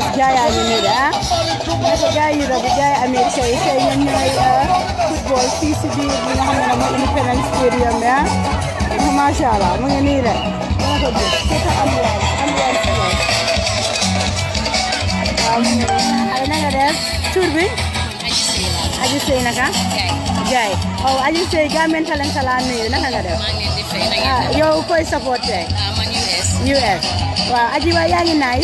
US jaayaa jaay Europe bi jaay Amérique football fii si biir bi nga xam ne Independence Stadium oh, um, bi oh, ah allah mu ngi nii rek dama ko gis te tax yaa ngi naay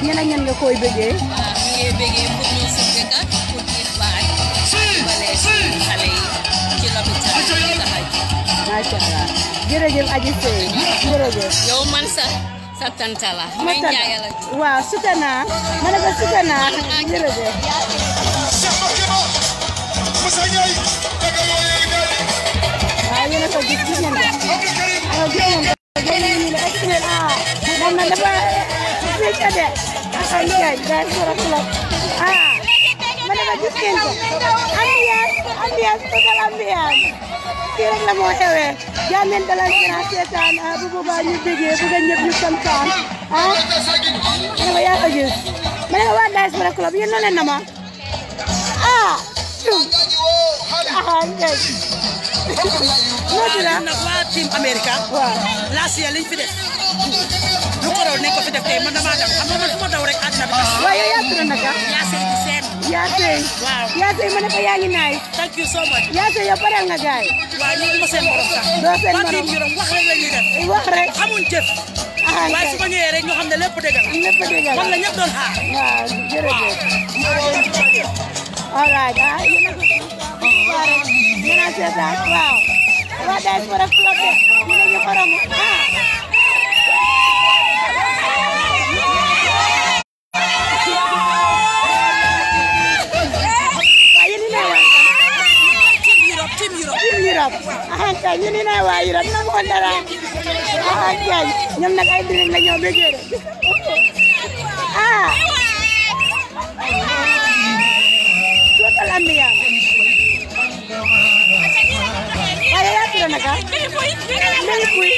ñan ak ñan nga koy bëggee ñu ngi pour ñu suñu dëkk pour ñu baay wala suñu xale ci lopitaan yi taxaj macha allah jërëjëf aji sey jërëjëf yow man sa sa tanta la may sutana ma ko sutana jërëjëf waaw yéen a ko each ah ah waaw nag waa team America. waaw last year liñ fi def. lu ko raw nañ ko fi def tey man damaa daw xam nga man fu ma daw rek àddina bi. waaw yow yaa tudd naka. yaa sey di seen. yaa sey. waaw yaa sey ma ne ko yaa ngi naay. thank you so much. yaa sey yow pareel nga gaay. waaw ñu ngi ma seen morom sax. doo seen morom waa wax rek la ñuy def. wax rek xamuñ jëf. Ah, waaye su ma ñëwee rek ñu xam ne lépp dëgg la. lépp dëgg la moom la ñëpp doon xaar. waaw jërëjëf. All right. Uh, you're not going to oh, You're not just that. Wow. What that's for a club. You know, you're for a ah. ahanta ñu ni na waa Europe na mo dara ahanta ñoom nag ay dinañ la ñoo bëggee ah Colombian. Wala na sila naka? Milpoy. Milpoy.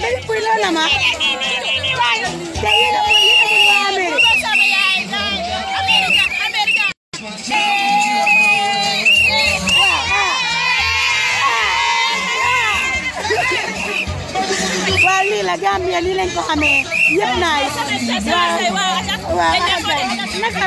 Milpoy na naman. Dahil na po yun ang mga Amerika. Amerika. Amerika. Wala nila Gambia, nilang ko kami. Yep, nice. Wow. Wow. Naka,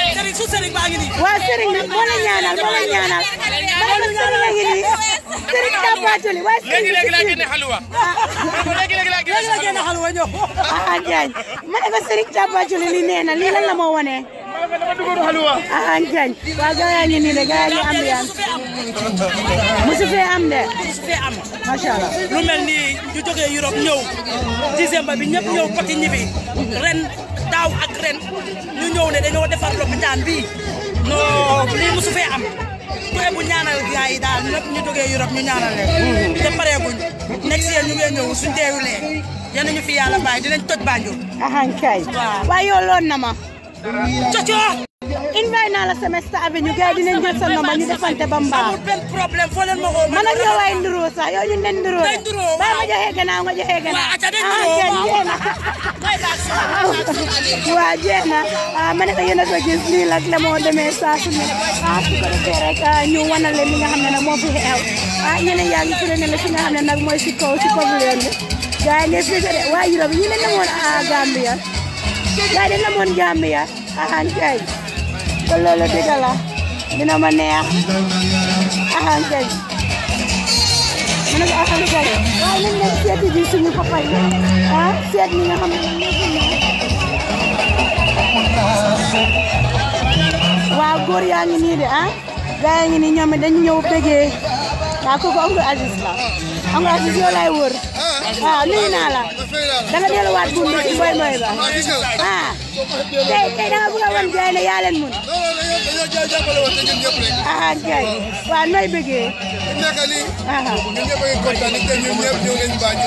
Serigne su Serigne baa ngi nii. waaw Serigne nag moo la ñaanal moo la ñaanal. moo la Serigne a ngi nii Serigne Tapatuli waaye Serigne. léegi léegi laa génne xaluwa. léegi léegi laa génne xaluwa ñëw. ah Diagne ma ne ko Serigne Tapatuli li nee na lii lan la moo wane. ah Diagne waaw gars yaa ngi nii de gars yaa ngi ambiance. musu fee am de. musu fee am. macha allah lu mel nii ñu jógee Europe ñëw décembre bi ñëpp ñëw poti ñibi ren. daaw ak ren ñu ñëw ne dañoo defar lopitaan bii non lii mosu fee am koy bu ñaanal gars yi daal ñëpp ñu jógee Europe ñu ñaanal leen te pareeguñ next year ñu ngee ñëw suñ deewulee yal na ñu fi yàlla bàyyi dinañ toj Banjul ahan kay waaw waaye yow loon na ma cocoo invite naa la semester avenue gars yi dinañ jël sa nomba ñu defante ba mbaa. amul benn problème foo leen ma woo. man ak yow ay nduroo sax yow ñu leen nduroo la. nduroo waaw ma joxee gannaaw nga joxee gannaaw. waaw jeex na ah, ma ne ko yéen a ko gis lii la la moo demee saa su ne ah su ko defee rek ah, ñu wanal leen li nga xam ne nag moo fi xew ah ñeneen yaa ngi tudd ne la fi nga xam ne nag mooy si kaw si kaw bi yoon bi gars yi ngeen fi de waa Europe yi ñu ne namoon ah, Gambia gars yi namoon Gambia ah kay Kalau loolu diga lah, dina ma neex axan kay ma ne ko axan kay waaye nañ papa ya. ah seet mi nga xam ne waaw ini deh, ah gaa yaa ngi nii ñoom Aku ñëw bégee waaw kooku aja Aziz lah. Aku Aziz lah, a ah, nuyu naa la danga delluwaat buum bi ci boy mooy ba ah tey tey danga bëgg a wan jaay ne yaa leen mun ah jaay waaw nooy bëggee naka ah, ñu ñëpp ay ah. kontaan te ñun ñëpp ñëw nañ bàjj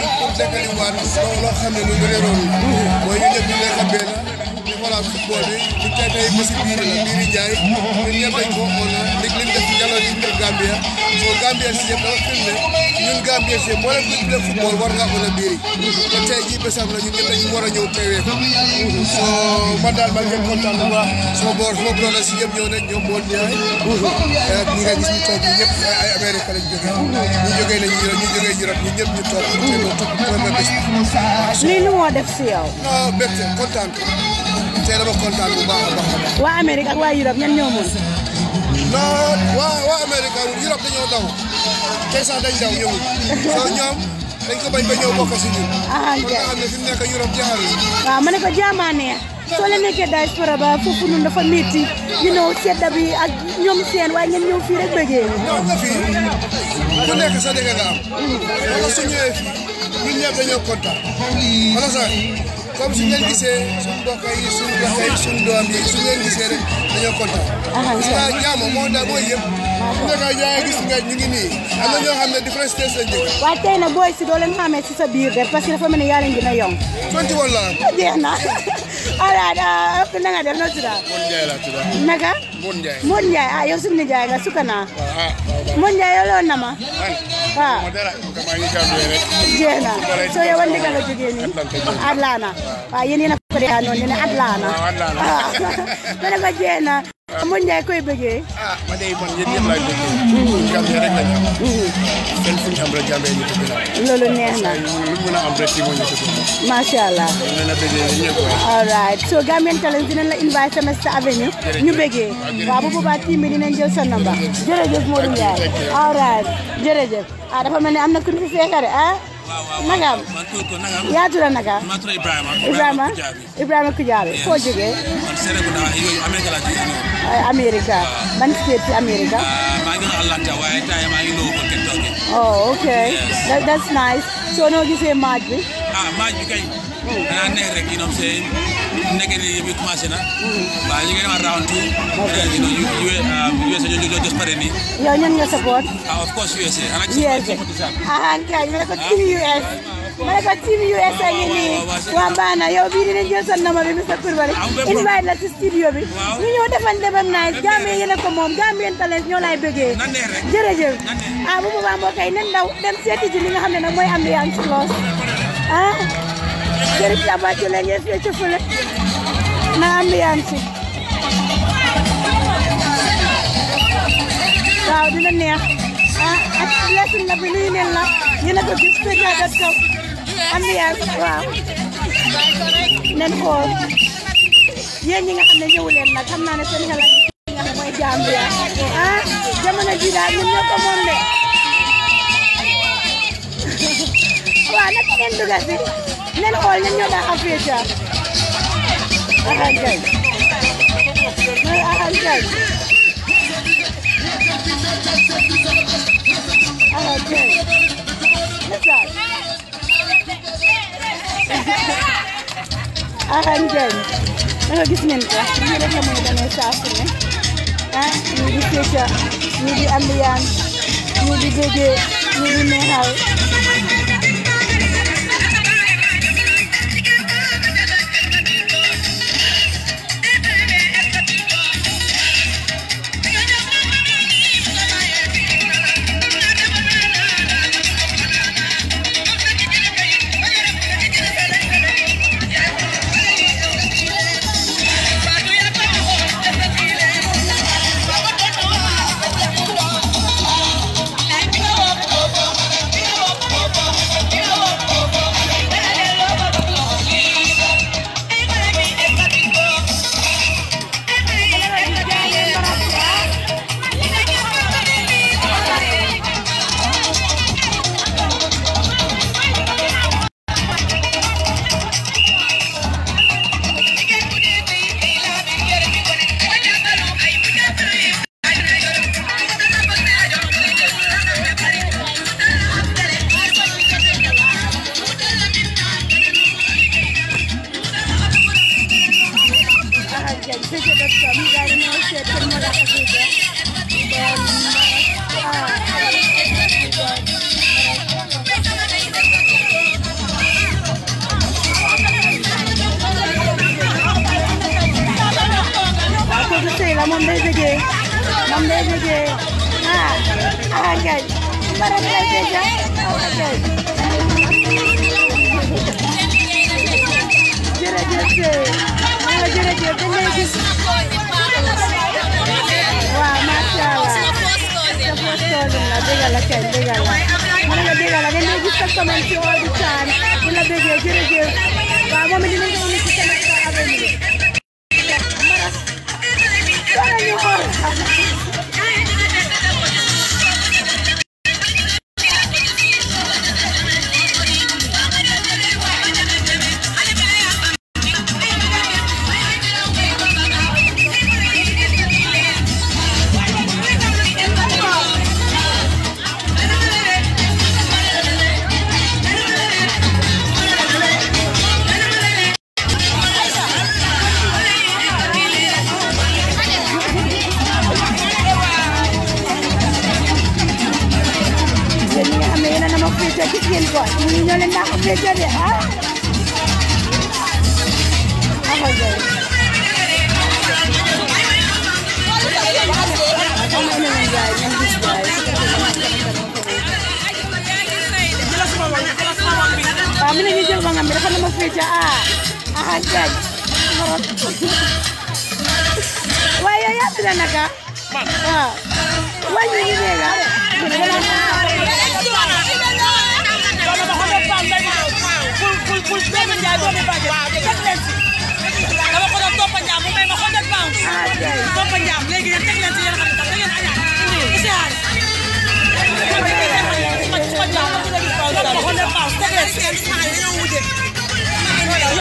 loo xam ne lu réeroon ñu ñëpp ñu nekk xoolaat football bi ñu tey tey ba si biir biiri Ndiaye ñun ñëpp dañ ko on a léegi li ñu def jaloor yi pour Gambia soo Gambia si yëpp dafa firnde ñun Gambia si moo leen gën football war ngaa mën a biiri te tey jii bésam la ñun ñëpp dañu war a ñëw teewee ko soo man daal maa ngi kontaan bu baax soo boor soo boor la si yëpp ñëw nañ ñoom Mawone Ndiaye ñi nga gis ñu toog ñu ñëpp ay Amérique lañ jógee ñu jógee nañ ñu ñu jógee ñu rab ñu ñëpp ñu toog ñu teewee toog ñu mën a bés lii lu moo def si yow non bette kontaan tey dama kontaan bu baax a baax a baax. waa Amérique ak ñan ñoo mën. non waa waa Amérique ak Europe daw tey sax dañ daw ñëwul. soo ñoom dañ si ñun. ah ok dafa métti you know sedda bi ak ñoom seen waaye ngeen ñëw fii rek bëggee. ñëw ku nekk sa dëgg nga am. wala su ñëwee fii ñun ñëpp dañoo kontaan wala comme suñ leen gisee suñ yi suñ mbokk yi suñ doom yi suñ leen gisee rek dañoo kontaan. Ah, ah, moo tax mooy yëpp. waaw ah, waaw gis nga ñu ngi ñoo xam ne différence tey seen njëkk. booy si doo leen xamee si sa biir de parce que dafa mel ni yaa leen gën a yomb. tontu la am. jeex na alors na nga def noo tudd. Mour Ndiaye laa tudd. naka. Mour Ndiaye Mour Ndiaye ah yow suñu nijaay nga sukkanaa. waaw na ma. waaw jeex na soo yow a ndigal a jógee nii Atlanta waaw yéen korea noonu ñu ne Atlanta waaw loolu neex na lu mën a am la bëggee ñëpp all right so Gambian la invite Semester Avenue ñu bëggee waaw bu boobaa team bi dinañ jël sa number jërëjëf Modou Ndiaye all right jërëjëf ah, dafa mel ne am na ku ñu ah nagam yaatura naga ibrahima ibrahima kujabi foo jógee américa ban state américa oh okay that, that's nice so noo you say bi ah maaj bi kay danaa neex rek you know what I'm saying nekkee nii na waaw ñu ngi dem round two ñan nga support ah, of course USA ana ci ahan kay ma ne ko ah. team US ma ne ko team USA ah, waa baana yow bii dinañ jël sa nama bi Mr Coulibaly invite la ci studio bi ñu ñëw defan debam naay Gambie yéen a ko moom Gambian Talents ñoo lay bëggee jërëjëf ah bu boobaa mbokk yi nen daw dem seeti ji li nga xam ne nag mooy ambiance loos ah Jariñ la ba jole ngeen fii ci fule na ambiance waaw dina neex ah ak lesin la bi luy neen la ñu ne ko gis te ga waaw nen xool yéen ñi nga xam leen nag xam naa ne seen xelal nga mooy Gambia ah jamono ji daal ñun ñoo ko moom de waaw nag si لن جاي الأول جاي يوم جاي أهلا أهلا أهلا أنا جسم أنت أنا لك من أنا سافرني ها نيجي كيشة نيجي أميان نيجي جيجي نيجي مهاو Nanaka. Wani ne ga. Thank you.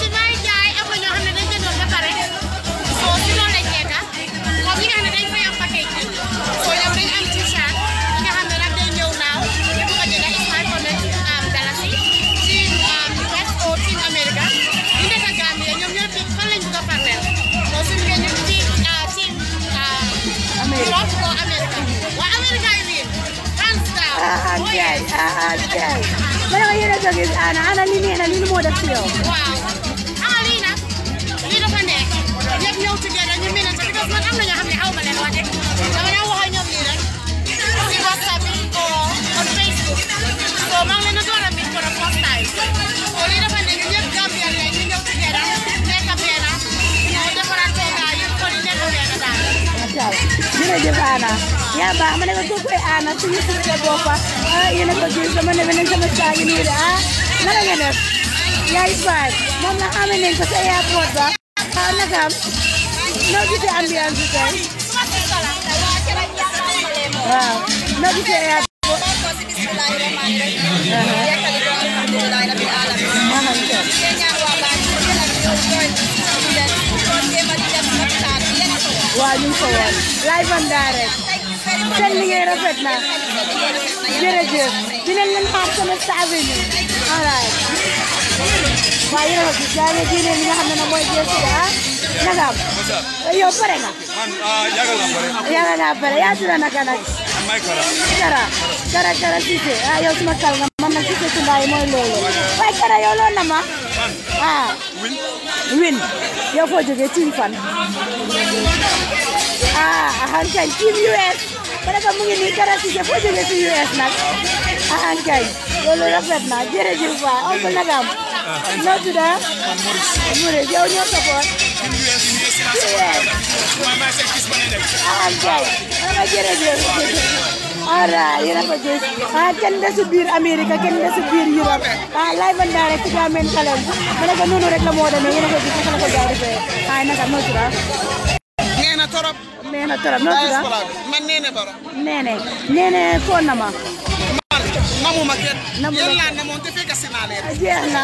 Aagay, aagay. Malaki yun ang gagawin. Ana, ana, nini, ana, nini mo na siyo. Wow. Alina, dito together, you mean it, because man, I'm not having how many one. Naman niyo bilang. Si WhatsApp ko on Facebook. So, mang na the first time. So, dito ka nek, you have Gambia, let together. pera. Yung ko Ana. yaa baax ma ne ko kooku koy aana suñu suñu boppa yéen a ko gis dama ne beneen sama saa yi nii de ah naka nga def yaay baay moom la airport ba waaw naka am noo gisee ambiance bi tey waaw noo live and direct seen liggéey rafet na jërëjëf dinañ leen xaar Semester Avenue alright waaw yéen a gis yaa ngi diine li nga xam ne nag mooy jeesu ah nagam yow pare nga ah, yàgg naa pare yaa tudd naka nag kara kara kara Cissé ah yow suma kal nga man nag Cissé Tumbaay mooy loolu waaye kara yow loolu na ma ah win yow foo jógee team fan ah ahan kañ team US ba mu ngi nii Kara Ceesay foo jógee si US nag ah, ah kay loolu rafet na jërëjëf waay on oh, peut nagam. noo tudd ah. Maurice yow ñoo toppoon. ah, ah kay ah, ah jërëjëf. ara yéen a ko gis kenn desu biir Amérique kenn desu biir Europe ah lay man daa rek ci Gambian Talents ma ne ko noonu rek la moo demee yéen a ko gis naka naka noo tudd ah. nee na trop noo tudd man Néné Baro. Néné Néné fóon na ma. Mamu ma kenn. Namu ma kenn yéen laa ne moom te fekk si naa leen. jeex na.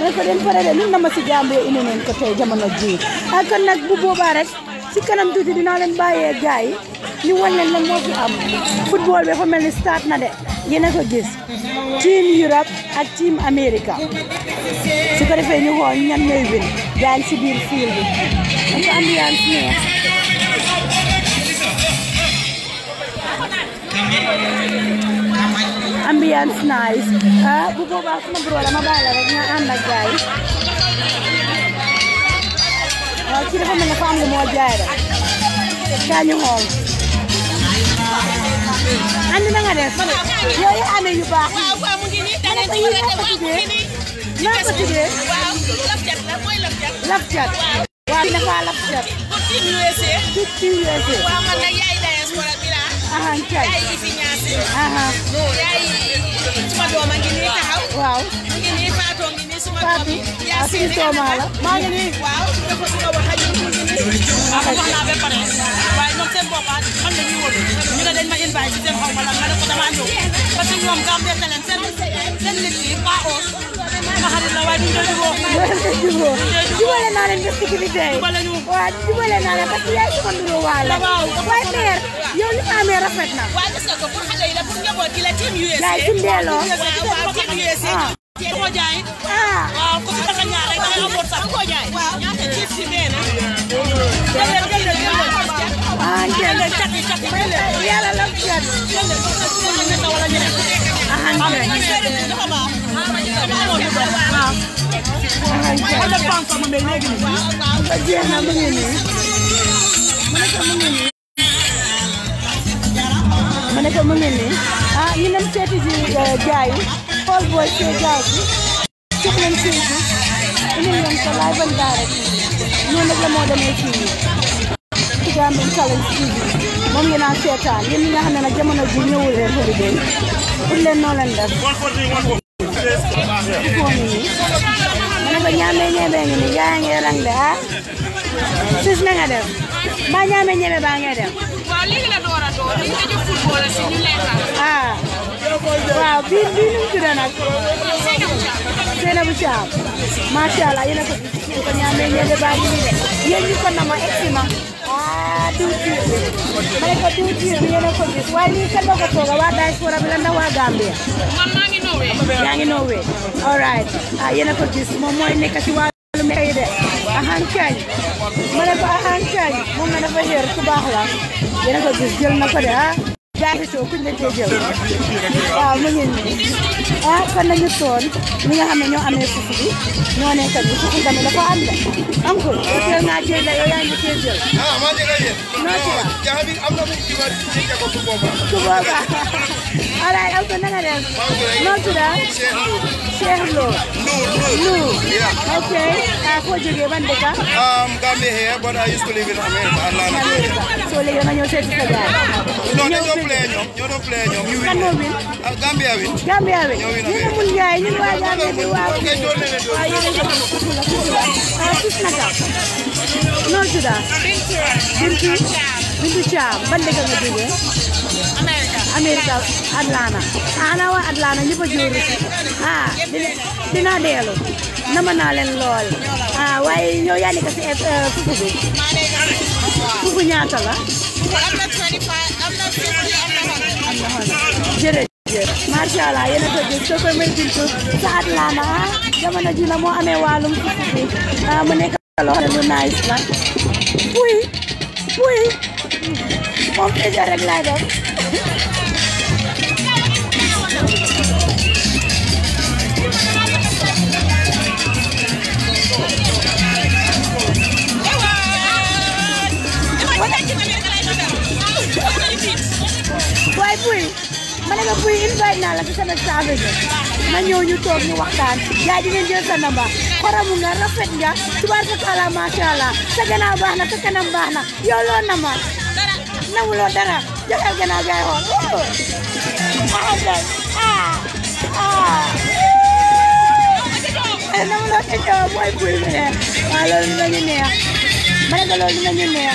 dañ ko den paré lu nama si jàmb yo indi nañ ko tey jamono ji ak ah, bu boobaa rek si kanam tuuti dina leen bàyyee gars yi ñu wan leen lan moo fi am football bi fa mel ni start na de yéen a ko gis team Europe ak team America su ko defee ñu xool ñan ñooy win gars si biir fiil bi parce que ambiance neex Thank ambiance nice ah bu boobaa sama bro dama bàyyi la rek nga ànd ak gaay waaw kii dafa mel ne femme bi moo jaay rek kaa ñu xool andi na nga def yooyu ane yu baax naa ko tuddee laf cat waaw dafa laf cat pour team USA waaw man nag yaay diaspora bi yaay yi fi ñaase. yaay yi suma doom a ngi nii taxaw. waaw mu ngi nii Fatou ngi nii suma doom yi. Fatou yi Tooma la maa ngi nii. waaw dafa bëgg a wax ak ñun ñu ngi nii. waaw wax naa ba pare waaye ñoom seen bopp xam nañ ñu woon ñu ne dañ ma invite seen xaw ma lan ma ne ko damaa ñëw parce que ñoom Gambian Talents seen seen nit yi pas os. sama xarit la waaye duñ dee jubóo. jubóo jubóole naa leen bés bi tey. waaw jubóole naa leen parce que yaay si kondu waale. waaye meer yow li nga amee rafet na. waaw gis nga ko pour xale yi la pour njaboot gi la team USA. yaay suñu delloo. waaw team USA. koo jaay. waaw ku ci tax a ñaar rek da ngay amoon sax koo jaay. ñaata jiif si nee na. ah jërëjëf yàlla la jërëjëf. ah jërëjëf. waaw. wala banque ma mais léegi nii. nga jeex na mu ngi nii. ma ne ko mu ngi nii. ma ne ko mu ngi nii. ah ñu dem seeti ji jaay xool booy see jaay bi. jox leen seeti. indi leen ko laay ban daara ji. noonu nag la moo demee fii nii. ci Gambian Talents TV moom ngeen a seetaan yéen ñi nga xam ne nag jamono ji ñëwul leen holiday pour leen noo leen def. ma ini, ko ñaamee ñebee ngi ni gaa ngi rang de ah sis na nga def ba ñaamee ñebe baa ngay def ah waaw bii bii nu mu tuddee nag Seynabou Thiam macha allah yéen a ko ko ñaamee ñebe baa ngi ni ah diwtiir bi ma ne ko diwtiir bi yéen a ko gis waaye lii Gambia man maa alright ah yéen a ko gis moom mooy nekk ci wàllum kay de ahan cañ ma ne ko ahan cañ moom na dafa réer ku baax la yéen a ko gis jël na ko de ah jaay soo kuñ la cee jël waaw mu ngi nii ah kon nañu toon ñi nga xam ne ñoo amee suuf bi ñoo nekk nii suuf bi tamit dafa am de amul teel naa cee jël yow yaa ngi cee jël ah maa ngi lay jël noo ci ah, wax jaa bi am na mu ci war ci jago bu booba bu booba ala am ko nanga def noo tudd Cheikh Lo Cheikh Lo Lo ok ah foo jógee ban dëkk um Gambia here but I used to live in America so léegi nga ñëw seeti sa jaay play ñoom ñoo doon play ñoom ñu win ah, Gambia win Gambia win ñu mun jaay ñu waa Gambia bi waa noo tudda Bintu Bintu Caam ban dëkk nga jógee America Atlanta ah, ana waa Atlanta ñëpp a jóoru ah dina deelu nama naa leen lool ah waaye ñoo yaa nekk si eh, fufu bi fufu ñaata la Masha Allah yana da gaske ko mai dinto sa'ad lama jama na jina mu ame walum kuɗi na mu ne ka lo da nice la pui pui mo ke jare glada waaye buy ma ne ko buy invite na lang sa sama service ma ñëw ñu toog ñu waxtaan yaay dinañ jël sa namba xoromu nga rapet nga tubaar sa kala, macha sa gannaaw na sa kanam baax na yow loo na ma nawuloo dara joxeel gannaaw gaay xool ah ah nawuloo te jox mooy buy bi ne waaw na dina ñu neex ma ne ko loolu dina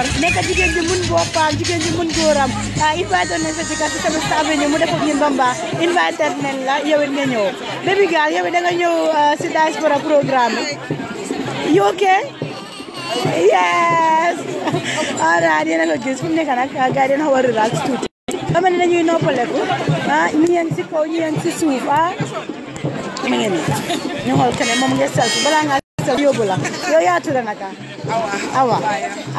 koor nekk jigéen ji mun boo paal jigéen ji mun góoram invite nañ sa ci kasi Semester Avenue mu def ak ñun Bamba invite nañ la yow nga ñëw baby girl yow da nga ñëw si diaspora programme you okay yes all right yéen a ko gis fu mu nekk nag gars yi dina xaw a relax tuuti xam ne dañuy noppaleku ah ñu yeen si kaw ñu yeen si suuf ah mi ngeen ñu xool keneen moom nga selfie balaa nga yóbbu la yow yaa tudd naka awa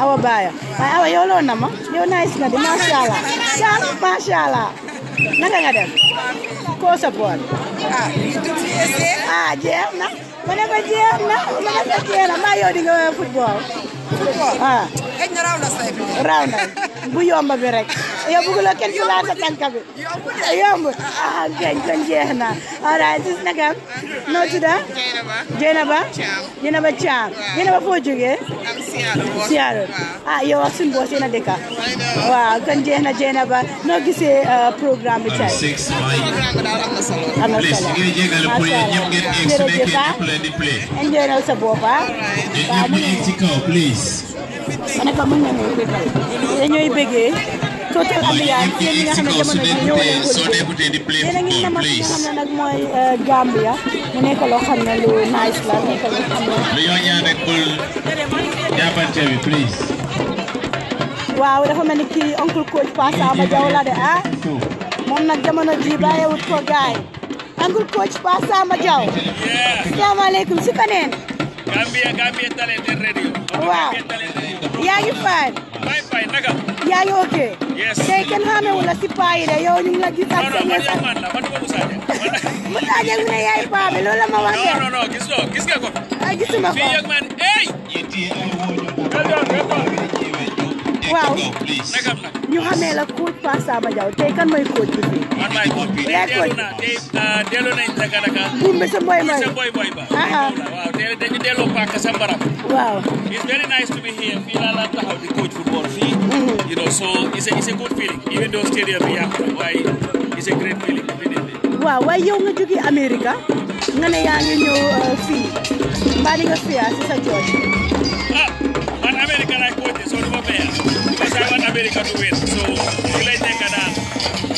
awa baaya awa yow loolu na ma yow nice nga di macha allah naka nga koo sa bool ah, ah na ma ne ko jeex na maa yow di nga ah. raw na bu yomb bi rek. yow bëgguloo kenn ku laal sa tànk bi. yomb yomb ah ngeen kon jeex na. alright sis naka noo tudda. Jeynaba Jeynaba Thiam. Jeynaba foo jógee. Siyaaro ah yow ak suñu boos yéen a dëkk waaw kon jeex na Jeynaba noo gisee euh, programme bi tey. am na solo am na solo macha leen di play. enjoy na sa bopp ah. waaw mu ngi ci kaw please. ma ne ko mën nañu bëggal. dañooy bëggee. total ambiance yéen ñi nga xam ne jamono ji ñëw nañu ko déglu yéen a ngi nama li nga xam ne nag mooy euh, Gambia mu nekk loo xam ne lu nice la nekk loo xam ne. lu yoo ñaan rek bul jàppante bi please. waaw dafa mel ni kii oncle coach Fassamba Jaw la de ah moom nag jamono ji bàyyiwut ko gaay Uncle Coach Pa Samba Diaw. asalaamaaleykum su ko neen. Gambia Gambia Talent Radio. waaw yaa ngi fine. fine fine naka. yaa ngi ok. yes tey kenn xaame wu la si paa yi de yow ñu ngi la gis. ak seen yéen man la man Moussa Diagne. Moussa Diagne ne yaay paa bi loolu la ma wax. non non non gis nga ko. ah gisuma ko fii yëg man hey. waaw ñu xamee la coach Pa Samba Jaw tey kan mooy coach bi fii. man maay coach euh, bi delloo na tey delloo paaka sa waaw. it's very nice to be here fii laa la taxaw di coach football fii. Mm-hmm. you know so it's a it's a good feeling. even though a waaw waaye yow nga jógee Amérique nga ne yaa ngi ñëw euh, fii mbaa nga fiyaa si sa coach. America like what is all over there because I want America to win. So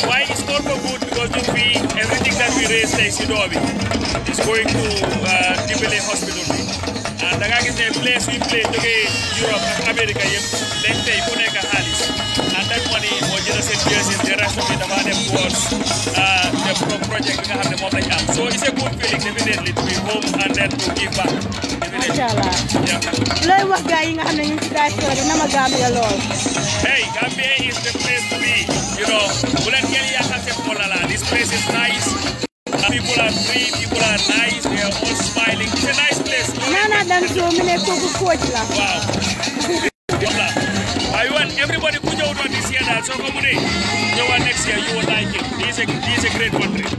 Why is Corpo good? Because we, everything that we raise takes you is going to uh, Dibele Hospital. And the guy is the place we play today, Europe, America, let's say Puneka Halis. And that money was just in Jersey, the rest of the money them towards uh, the project we have the Mobile So it's a good feeling, definitely, to be home and then to give back. Inshallah. Gambia Hey, Gambia is the place to be. You know, bu leen kenn yaakaar seen This place is nice. People are free, people are nice, they are all smiling. It's a nice place. Nana Danso, mi ne kooku coach la. Wow. I want everybody who knows this year so come on in. You want next year, you will like it. This is a, this is a great country.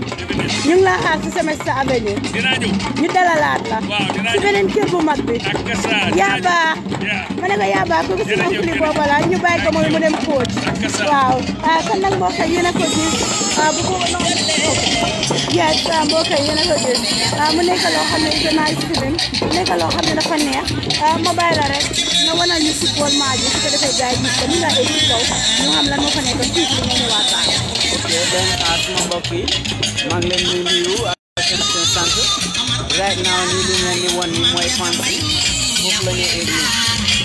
ñu laa xaar ci Semester Avenue. ñu dalalaat la. waaw dinaa ñëw bu mag bi. ak kasa ma ne ko yaaba kooku si moom kuli boobu la ñu bàyyi ko mu dem coach. ak waaw ah kon nag mbokk yi yéen a ko ah, bu boobaa noonu la ñu ko. yes ah, mbokk yi yéen a ko gis ah mu nekk loo xam ne na ice neex ah rek nga wanal ñu si bool maa ji su ko defee gars yi gis ko si kaw ñu xam lan moo fa nekk fii ci li mu ñëwaat ok donc à sama mbokk yi bi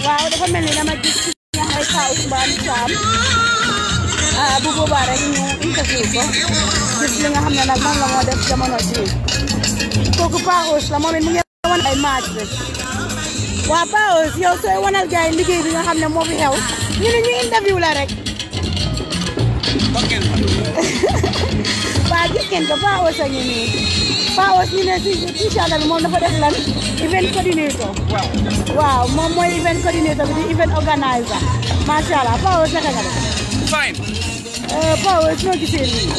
waaw dafa mel ni dama gis ki nga xam li nga xam ne nag man la moo def jamono jii kooku Paa Ous la moom it mu ngi maaj rek waa Paa Ous yow sooy wanal gars yi liggéey bi nga xam ne moo fi xew ñu ne ñu interview la rek. waaw gis ngeen ko Paa Ousseyn ñu nii Paa Ousseyn ñu ne si t-shirt bi moom dafa def lan event waaw moom mooy event coordinator bi di event organizer macha Paa Ousseyn naka nga def. fine. Paa Ousseyn noo gisee nii.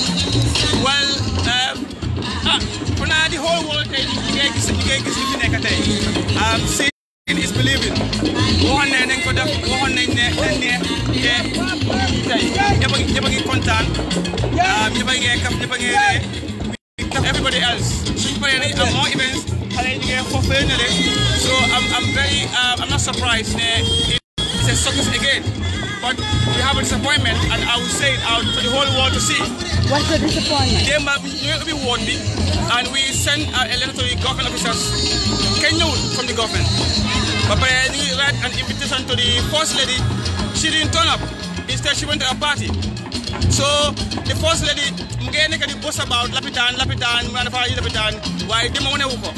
well ah. on a the whole world tey jii ngay is believing waxoon nañ nañ ko def waxoon nañ ne Yeah. ne te tey ñëpp a ngi ñëpp a ngi kontaan ñëpp a ngi kaf ñëpp a ngi ree everybody else suñ paree nañ am more events xale yi ñu ngi foofee ne so I'm I'm very uh, I'm not surprised ne it's a success again but we have a disappointment and I will say it out for the whole world to see. What's the disappointment? They might be warned me and we sent uh, a letter to the government officers, Kenya from the government. but we write an invitation to the First Lady. She didn't turn up. Instead, she went to a party. So the First Lady, mgeni nek di boss about lapitan, lapitan, manafa yi lapitan, waaye dima wone wu ko.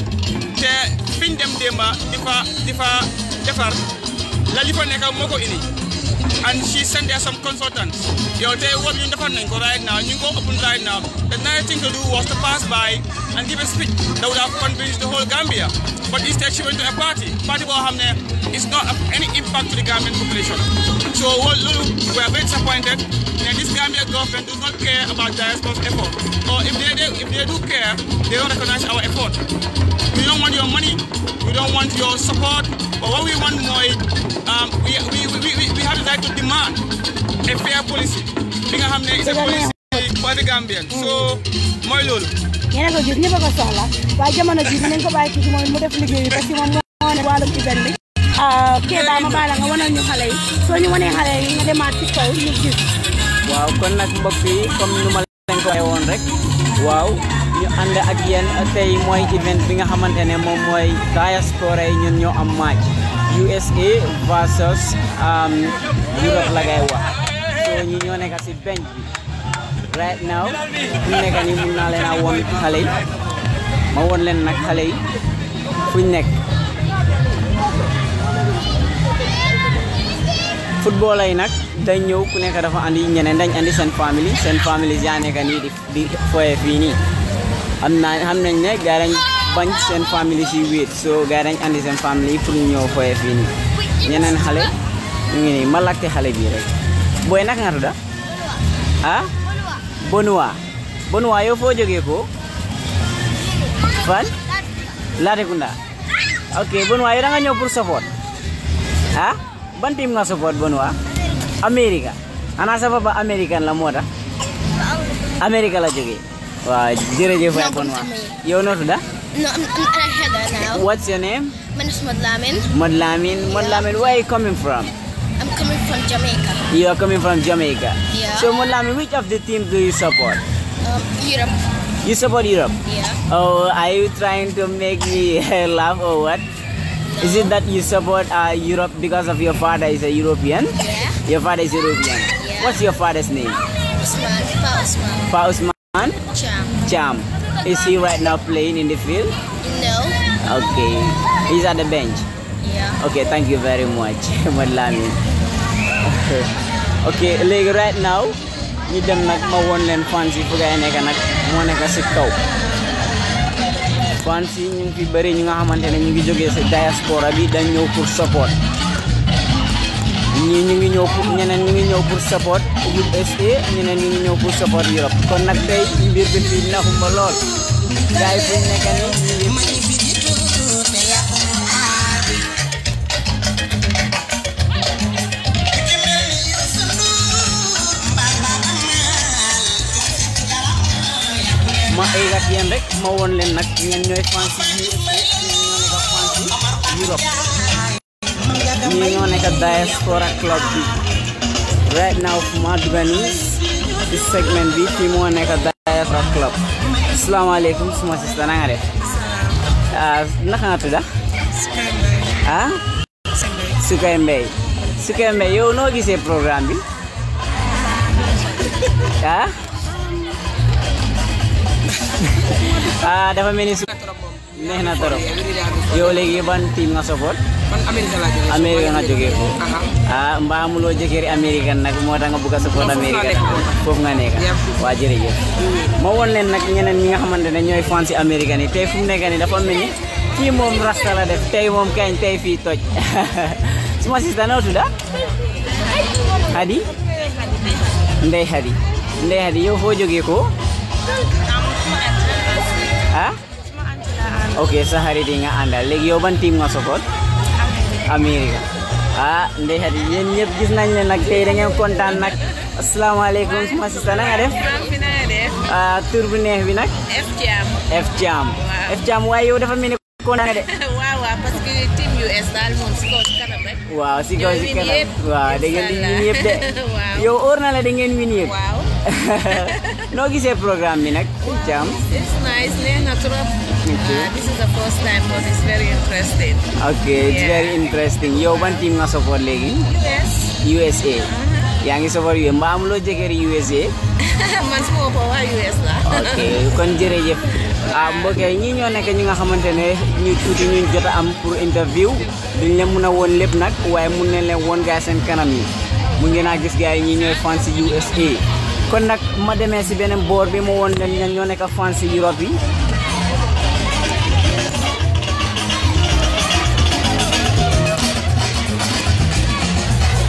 Te fiñ dem demba difa difa defar la li fa nekk moo ko And she sent some consultants. Yo, they what you defar nañ ko right now, ñu ko open right now. The nice thing to do was to pass and give a speech that would have Gambia. But instead she went to a party. Party will have it's not of any impact to the Gambian population. So we are very disappointed that this Gambian government does not care about diaspora's effort. Or if they, they, if they do care, they don't recognize our effort. We don't want your money, we don't want your support, but what we want more is um, we, we, we, we, we have the right to demand a fair policy. We nga xam is a policy for the Gambian. So mooy ಏನೋ ದುಡ್ಡು ಬಗ್ಗೆ ಸಾಲ ರಾಜ್ಯ ಮನ ಜಿಗ್ನೆಂಕ ಬಾಯ್ಕಿ ಮುಟ ಫುಲಿಗೆ ಪಸಿ ಮೊನ್ನೆ ವಾಲಕ್ಕೆ ಬೆಲ್ಲಿ ke ba ma bala nga wonal ñu xale yi soo ñu wonee xale yi nga demaat ci kaw ñu gis waaw kon nag mbokk yi comme nu ma leen ko waxee woon rek waaw ñu ànd ak yéen tey mooy event bi nga xamante ne moom mooy diaspora yi ñun ñoo am match USA versus um, Europe la ngay wax soo ñu ñoo nekk bench bi right now ñu nekk ni mun naa leen a woon xale yi ma woon leen nag xale yi fuñ nekk football yi nak, dañ ñëw ku nekk dafa andi ñeneen dañ andi seen famille seen famille yaa nekk nii di di foye fii nii am naa xam nañ ne gars dañ bañ seen famille si wéet so gars dañ andi seen famille pour ñu ñëw foye fii nii ñeneen xale ñu ngi nii ma laajte xale rek booy nag nga tudda ah Bonua. Bonua yo fo joge ko? Fan? kunda. Oke, okay, Bonua yo nga ñow pour support. Ha? Ban tim nga support Bonua? Amerika. Ana papa American la moda. Amerika la joge. Wa je ya Bonua. Yo no tuda? No, I'm, Heather now. What's your name? Madlamin. Madlamin. Madlamin, where are you coming from? I'm coming from Jamaica. You're coming from Jamaica. Yeah. So Mulami, which of the team do you support? Um, Europe. You support Europe? Yeah. Oh, are you trying to make me laugh or what? No. Is it that you support uh, Europe because of your father is a European? Yeah. Your father is European. Yeah. What's your father's name? Usman. Pa Usman. Pa Usman? Cham. Cham. Is he right now playing in the field? No. Okay. He's at the bench. Yeah. Okay, thank you very much, Madlami. okay. like right now ñu dem nag ma woon leen fans yi fu gaa yi nekk nag moo nekk si kaw. fans yi ñu ngi fi bëri ñu nga xamante ñu ngi jógee si diaspora bi dañ ñëw pour support. ñii ñu ngi ñëw pour ñeneen ñu ngi ñëw pour support USA ñeneen ñu ngi ñëw pour support Europe kon nag tey mbir bi fii naxuma lool gars fu nekk nii ñu ma egg ak rek ma woon leen nag ñooy fans yi ñoo nekk fans ñoo nekk diaspora club bi right now fu ma dugg nii ci segment bi fii moo nekk diaspora club asalaamaaleykum suma sista na ah, naka nga tudda ah Sukay Mbey Sukay Mbey yow noo gisee programme bi ah ah dafa mel ni su neex na trop yow léegi ban team nga support Amérique nga jógee ko ah mbaa amuloo jëkkëri américain nag moo tax nga bëgg a support américain foofu nga nekk waa jërëjëf ma woon leen nag ñeneen ñi nga xamante ne ñooy fans yi américain yi tey fu mu nekk nii dafa mel ni kii moom rasta la def tey moom kañ tey fii toj suma sista noo tudda Hadi Ndey Hadi Ndey Hadi yow foo jógee ko Ah? Oke, sehari nga anda lagi oban tim sokot? Amerika. Ah, ndey hari ini ñep gis nañ nak tay kontan nak. Assalamualaikum, alaykum sama sista na nga Ah, tur bin eh binak? F Jam. F Jam. F Jam way yow dafa Wow. contant nga de. Waaw waaw parce US dal mom si ko kanam rek. Waaw si Wow, si kanam. Waaw da ngeen di ñep de. Yow or na Nogi se program nak jam. it's nicely natural. Okay. Uh, this is the first time, but it's very interesting. Okay, it's yeah. very interesting. Yo, one team nga support lagi. US. USA. Uh -huh. Yang you, USA. Mbaam lo jekeri USA. man suma bopp waa US la okay, kon jërëjëf ah, ah. mbokk yi ñi ñoo nek ñi nga xamantene ñu tuti ñu jot am pour interview duñ leen mëna won lepp Nak. waye waaye mun nañ leen gaay seen kanam yi mu ngi na gis gaay ñi ñoy fancy USA kon nag ma demee si beneen boor bi moo woon leen ñoo nekk fan si Europe yi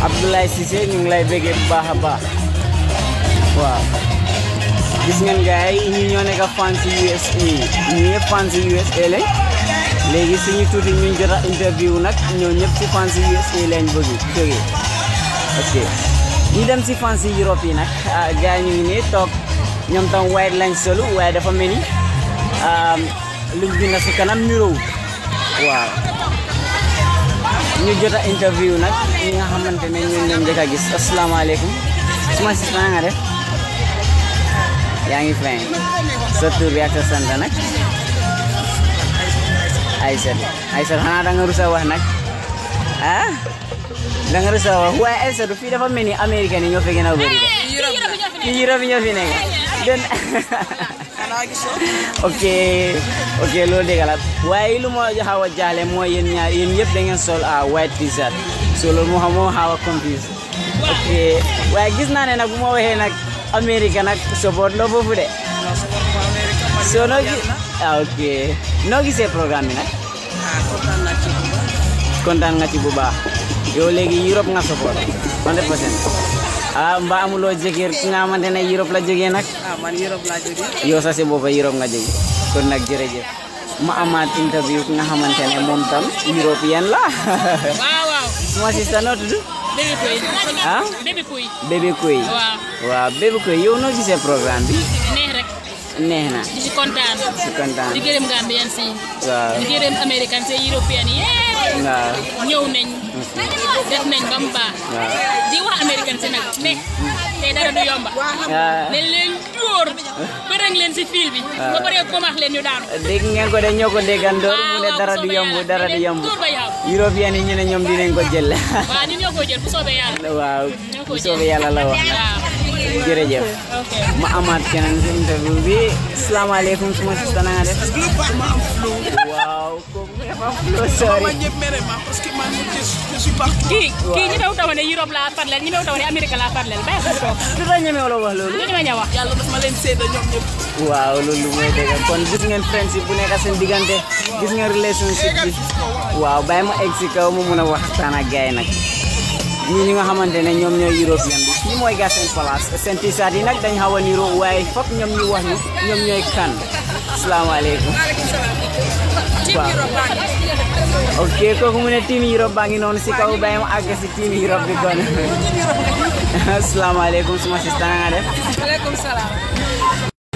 Abdoulaye Cissé ñu ngi lay bëggee bu baax a baax waaw gis ngeen gaay yi ñi ñoo nekk fan si USA ñi ñëpp fan si USA lañ léegi suñu tuuti ñu jot a interview nag ñoo ñëpp si fan si USA lañ bëgg jógee ok ñu dem si fan si Europe yi nag ah, gars ñu ngi nii toog ñoom tam white lañ solu waaye dafa mel ni ah, luñ bind si kanam niroowut waaw ñu jot interview nak, ñi nga xamante ne ñun leen njëkk a gis asalaamaaleykum suma si fan nga def yaa ngi fin sa tur bi ak sa sant nag Aïssat Aïssat xanaa da nga rus wax nag ah langara sawa wa elsa do fiida meni america ni ñofe gena gori de yiro bi ñofe ne den ok ok loolu dégg la waaye lu ma xaw a jaale mooy ñaar da ngeen sol a ah, white t-shirt so loolu moo xam moo xaw a confuse ok waaye gis naa ne nag bu america support loo de so noo gi ah ok noo gisee programme bi nag ah, kontaan nga ci bu baax yow léegi Europe nga support 100 ah cent ah mbaa amuloo jëkkër ki nga xamante Europe la jógee nak ah man Europe la jógee. yow sa si bopp Europe nga jógee kon jere jere ma amat interview ki nga xamante mom tam european la. waaw waaw. ma sista noo tudd. bébé koy. ah bébé koy. bébé koy. waaw waaw bébé koy yow ci ce programme bi. neex na. di sekontan. kontaan. di si di gërëm Gambien si. waaw di gërëm American si European yeah ñëw nañ def nañ ba di wax américain si nag ne tey dara du yomba dañ leen dóor bërëng leen si fiil bi ba pare komax ko de ñoo ko déggandoor mu ne dara du yomb dara du yomb européen yi ñu ne ñoom dinañ ko jël waaw ñun ñoo ko jël bu soobee yàlla waaw bu soobee yàlla la wax jërëjëf ma amaat keneen si interview bi salaamaaleykum suma sista na nga def ma am flow waaw kooku dafa flow sori kii kii ñu daw taw ne Europe laa parlel ñu taw ne Amérique laa parlel bàyyi ko toog lu wala wax loolu ñu ñeme wax yàlla daf ma leen seede ñoom ñëpp waaw loolu mooy dëgg kon gis ngeen friendship bu nekk seen diggante gis ngeen relationship bi waaw bàyyi ma egg kaw mu mun a waxtaan ak ñi ñi nga xamante ne ñoom ñooy européen bi ñi mooy gaa seen place seen tiisaat yi nag dañ xaw a niroo waaye fop ñoom ñu wax ñoom ñooy kan asalaamaaleykum waaw ok kooku mu ne team Europe baa ngi noonu si kaw bayam àgg si team Europe bi kon asalaamaaleykum suma sista na nga def.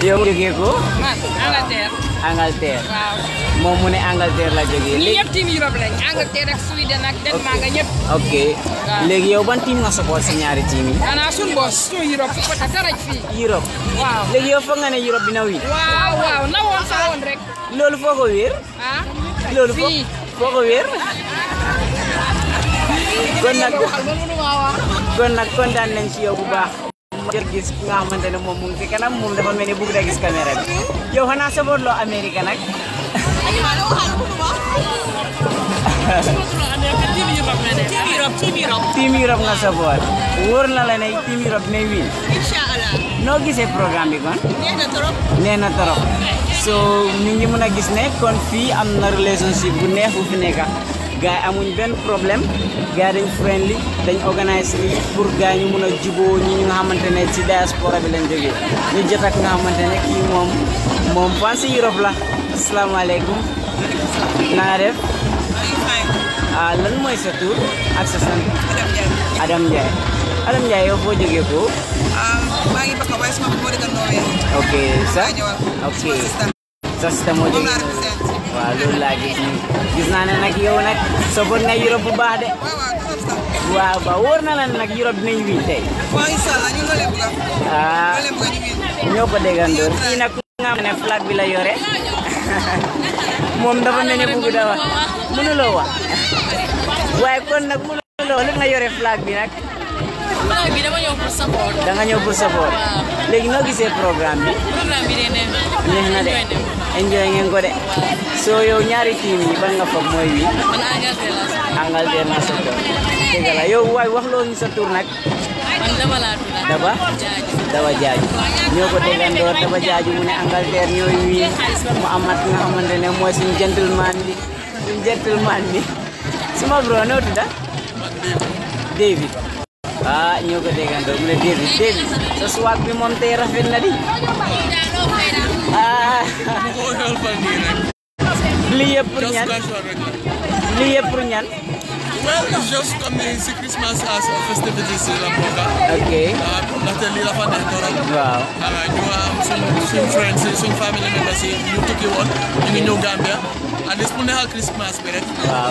yow jógee ko. man Angleterre. Angleterre. waaw. moom mu ne Angleterre la jógee. léegi ñëpp team Europe lañ Angleterre ak Sweden ak Denmark ñëpp. ok nah. léegi yow ban team nga support si ñaari team yi. xanaa nah, suñu boos suñu Europe ko tax dara fii. Europe. waaw léegi yow foog nga ne Europe dina win. waaw waaw na sa rek. ah Gunak, foo foo ko wér. kon kon nañ ci yow bu baax jirgis nga xamante mau mungkin karena mau dapat kanam moom dafa mel ni bugg daa gis caméra bi yow xanaa sabot loo Amérique nag team Europe nga sabot wóor na la ne team Europe ne win inshallah noo gisee so ñu ngi mën a am na relationship bu neex bu gars amuñ ben problème gars dañ friendly dañ organize ni pour gars ñu mëna jibo ñi nga xamantene ci diaspora bi lañ jógee ñu jëf ak nga xamantene ki mom mom moom Europe la assalamu alaykum na def ah lan moy sa tour ak sa sant Adam jay Adam jay yow fo jógee ko ah maa ngi bakka waaye suma moo dëgg Norvège ok sa ok sa sta mo jógee waaw loolu laa gis gis naa ne nag yow nag soppoon nga Europe bu baax de. waaw ba wóor na la nag Europe dinañ win tey. waaw incha allah ñu ngi leen bëgg ku nga xam flag bi la yore moom dafa mel ne bëgg da wax waaye kon nag mënuloo wax li nga yore flag bi nag. flag bi dama ñëw pour support. da léegi noo gisee programme bi. de neex na de. enjoying yang ko so yung nyari kini bang ban nga foog mooy wi man Angleterre la Angleterre na sa tour dëgg la yow waay wax loo ñu sa tour nag man dama laa daba daba ko déggandoor daba jaaju mu ne Angleterre ñooy wi iwi. amat nga xamante ne mooy suñu gentleman ni. suñu gentleman bi suma bro noo tudda David ah nyo ko déggandoor mu muna David David sa swag ni Montera fin na di mu ko xelpal nii rek. lii yëpp well just si Christmas as festivities si la bokk. ok ndaxte lii la fa neex torop. waaw xam nga am suñ suñ friends family members yi ñu tukki woon ñu ngi ñëw Gambia at least Christmas bi rek. waaw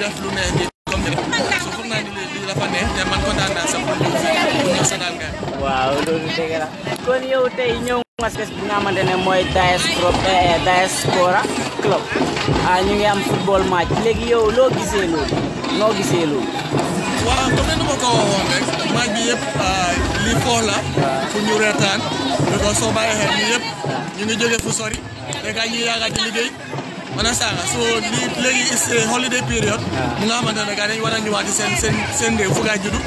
def lu neex waaw loolu dëgg la kon yow tey ñëw nga si bi nga xamante ne mooy Diaspora Club ah ñu ngi am football match léegi yow loo gisee loolu noo gisee loolu. match bi yëpp li foofu la pour ñu reetaan parce que soo bàyyee xel ñu yëpp ñu ngi jóge fu sori te gars ñi yaakaar ci wanasanga so ni léegi is holiday period mu nga xamante ne gars war a ñëwaat seen seen seen réew fu gaay juddu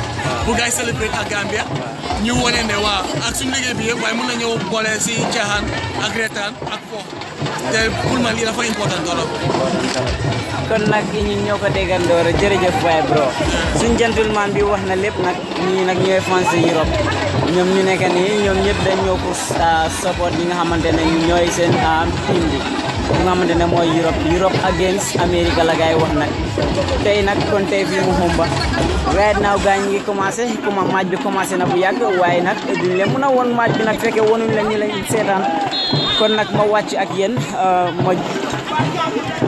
bu gaay célébrer ak Gambia ñu wone ne waa ak suñu liggéey bi yëpp waaye mën na ñëw boole si caaxaan ak reetaan ak fo te pour man lii dafa important trop kon nag ñi ñoo ko déggandoor jërëjëf waay bro suñ gentleman bi wax na lépp nag ñii nag ñooy fans Europe ñoom ñu nekk nii ñoom ñëpp dañ ñoo pour ah, support ñi nga xamante ne ñooy seen ah, team bi bu nga xamante ne mooy Europe Europe against America la gaay wax nag tey nag kon tey fii mu xumba right now gaa ñi ngi commencé comme match bi commencé na bu yàgg waaye nag duñ leen mën a woon match bi nag fekke wonuñ la ñu lañ seetaan kon nag ma wàcc ak yéen euh, ma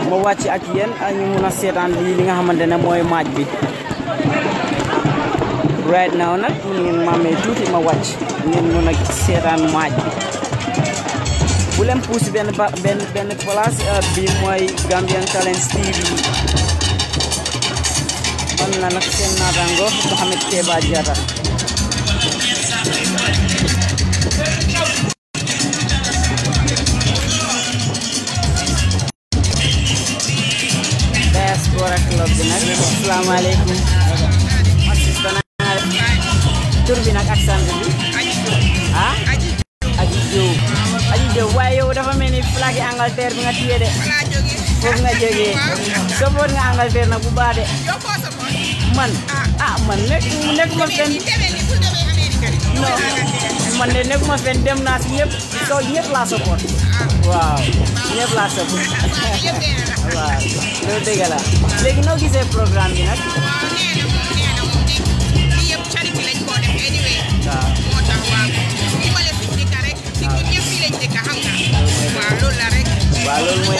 ma wàcc ak yéen ñu mun a seetaan lii li nga xamante ne mooy maaj bi right now nag ngeen maamee tuuti ma wàcc ngeen mun a seetaan match bi bu leen pousse benn ba benn euh, bi mooy Gambian Talents TV man la nag seen naataango Mohamed Keba Diatta war nga engagé nag bu baax de. man ah. ah man nekk ah, nekk ma fenn. non man de nekk ma fenn dem naa si ñëpp ah. soo ñëpp laa support. waaw ñëpp laa support. waaw loolu dëgg la léegi noo gisee programme bi nag. waaw. waaw loolu mooy.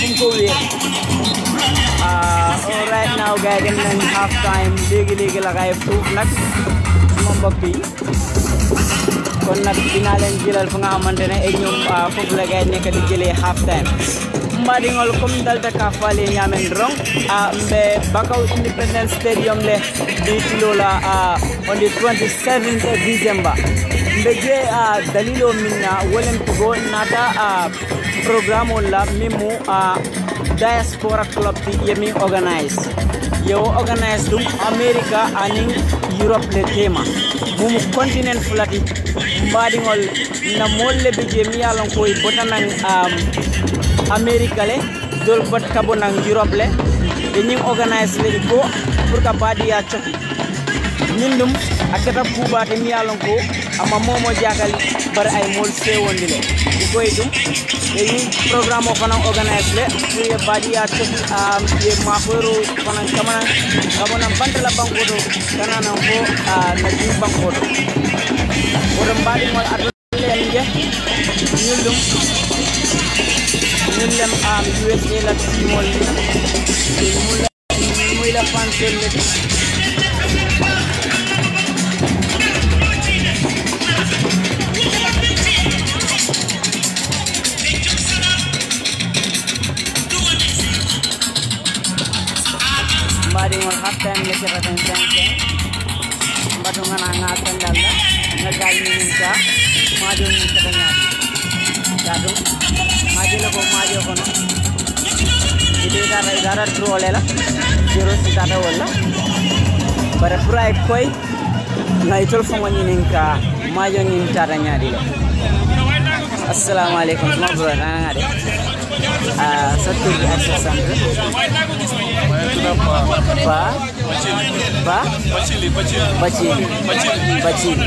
Uh, alright now guys, gagawin ng half time ligi-ligi lakay proof nag mambapi kon nag dinaleen jëlal fa nga xamante ne ay ñoom foofu la gay nekk di jëlee half time mbaɗigol comme dalta ka faali ñamen ron ɓe ah, bakaw independent stadium le ɗitilola ah, on the 27th december mbe je ah, dalilo min wolentugo nata program la mi mu a diaspora club ti yemi organize yewo organize dum america ani europe le tema mum continent flati mbadi ngol na molle bi je mi yalon koy botanan um, america le dol bot kabo nan europe le ni organize le ko pour ka baɗi ya coki ñindum akata buubate mi yalon ko amma momo jakal bar ay mol sewondi le koy dum e yi programme o fana organise le ye badiya to am ye maforo fana kamana kamana bantala bangodo kana na ko ah, na ji bangodo woro mbali mo atole nge ñindum ñindum am ah, usa la timol ni muy la fansel le ka majo ni sa kanya dado majo lo ko majo ko no itu dara dara true olela jero si tata wala bare pura koy na itol fongo ni ninka majo ni tara nya di lo assalamu alaikum ma bro na na de ah satu di asas andre ba ba bacili bacili bacili bacili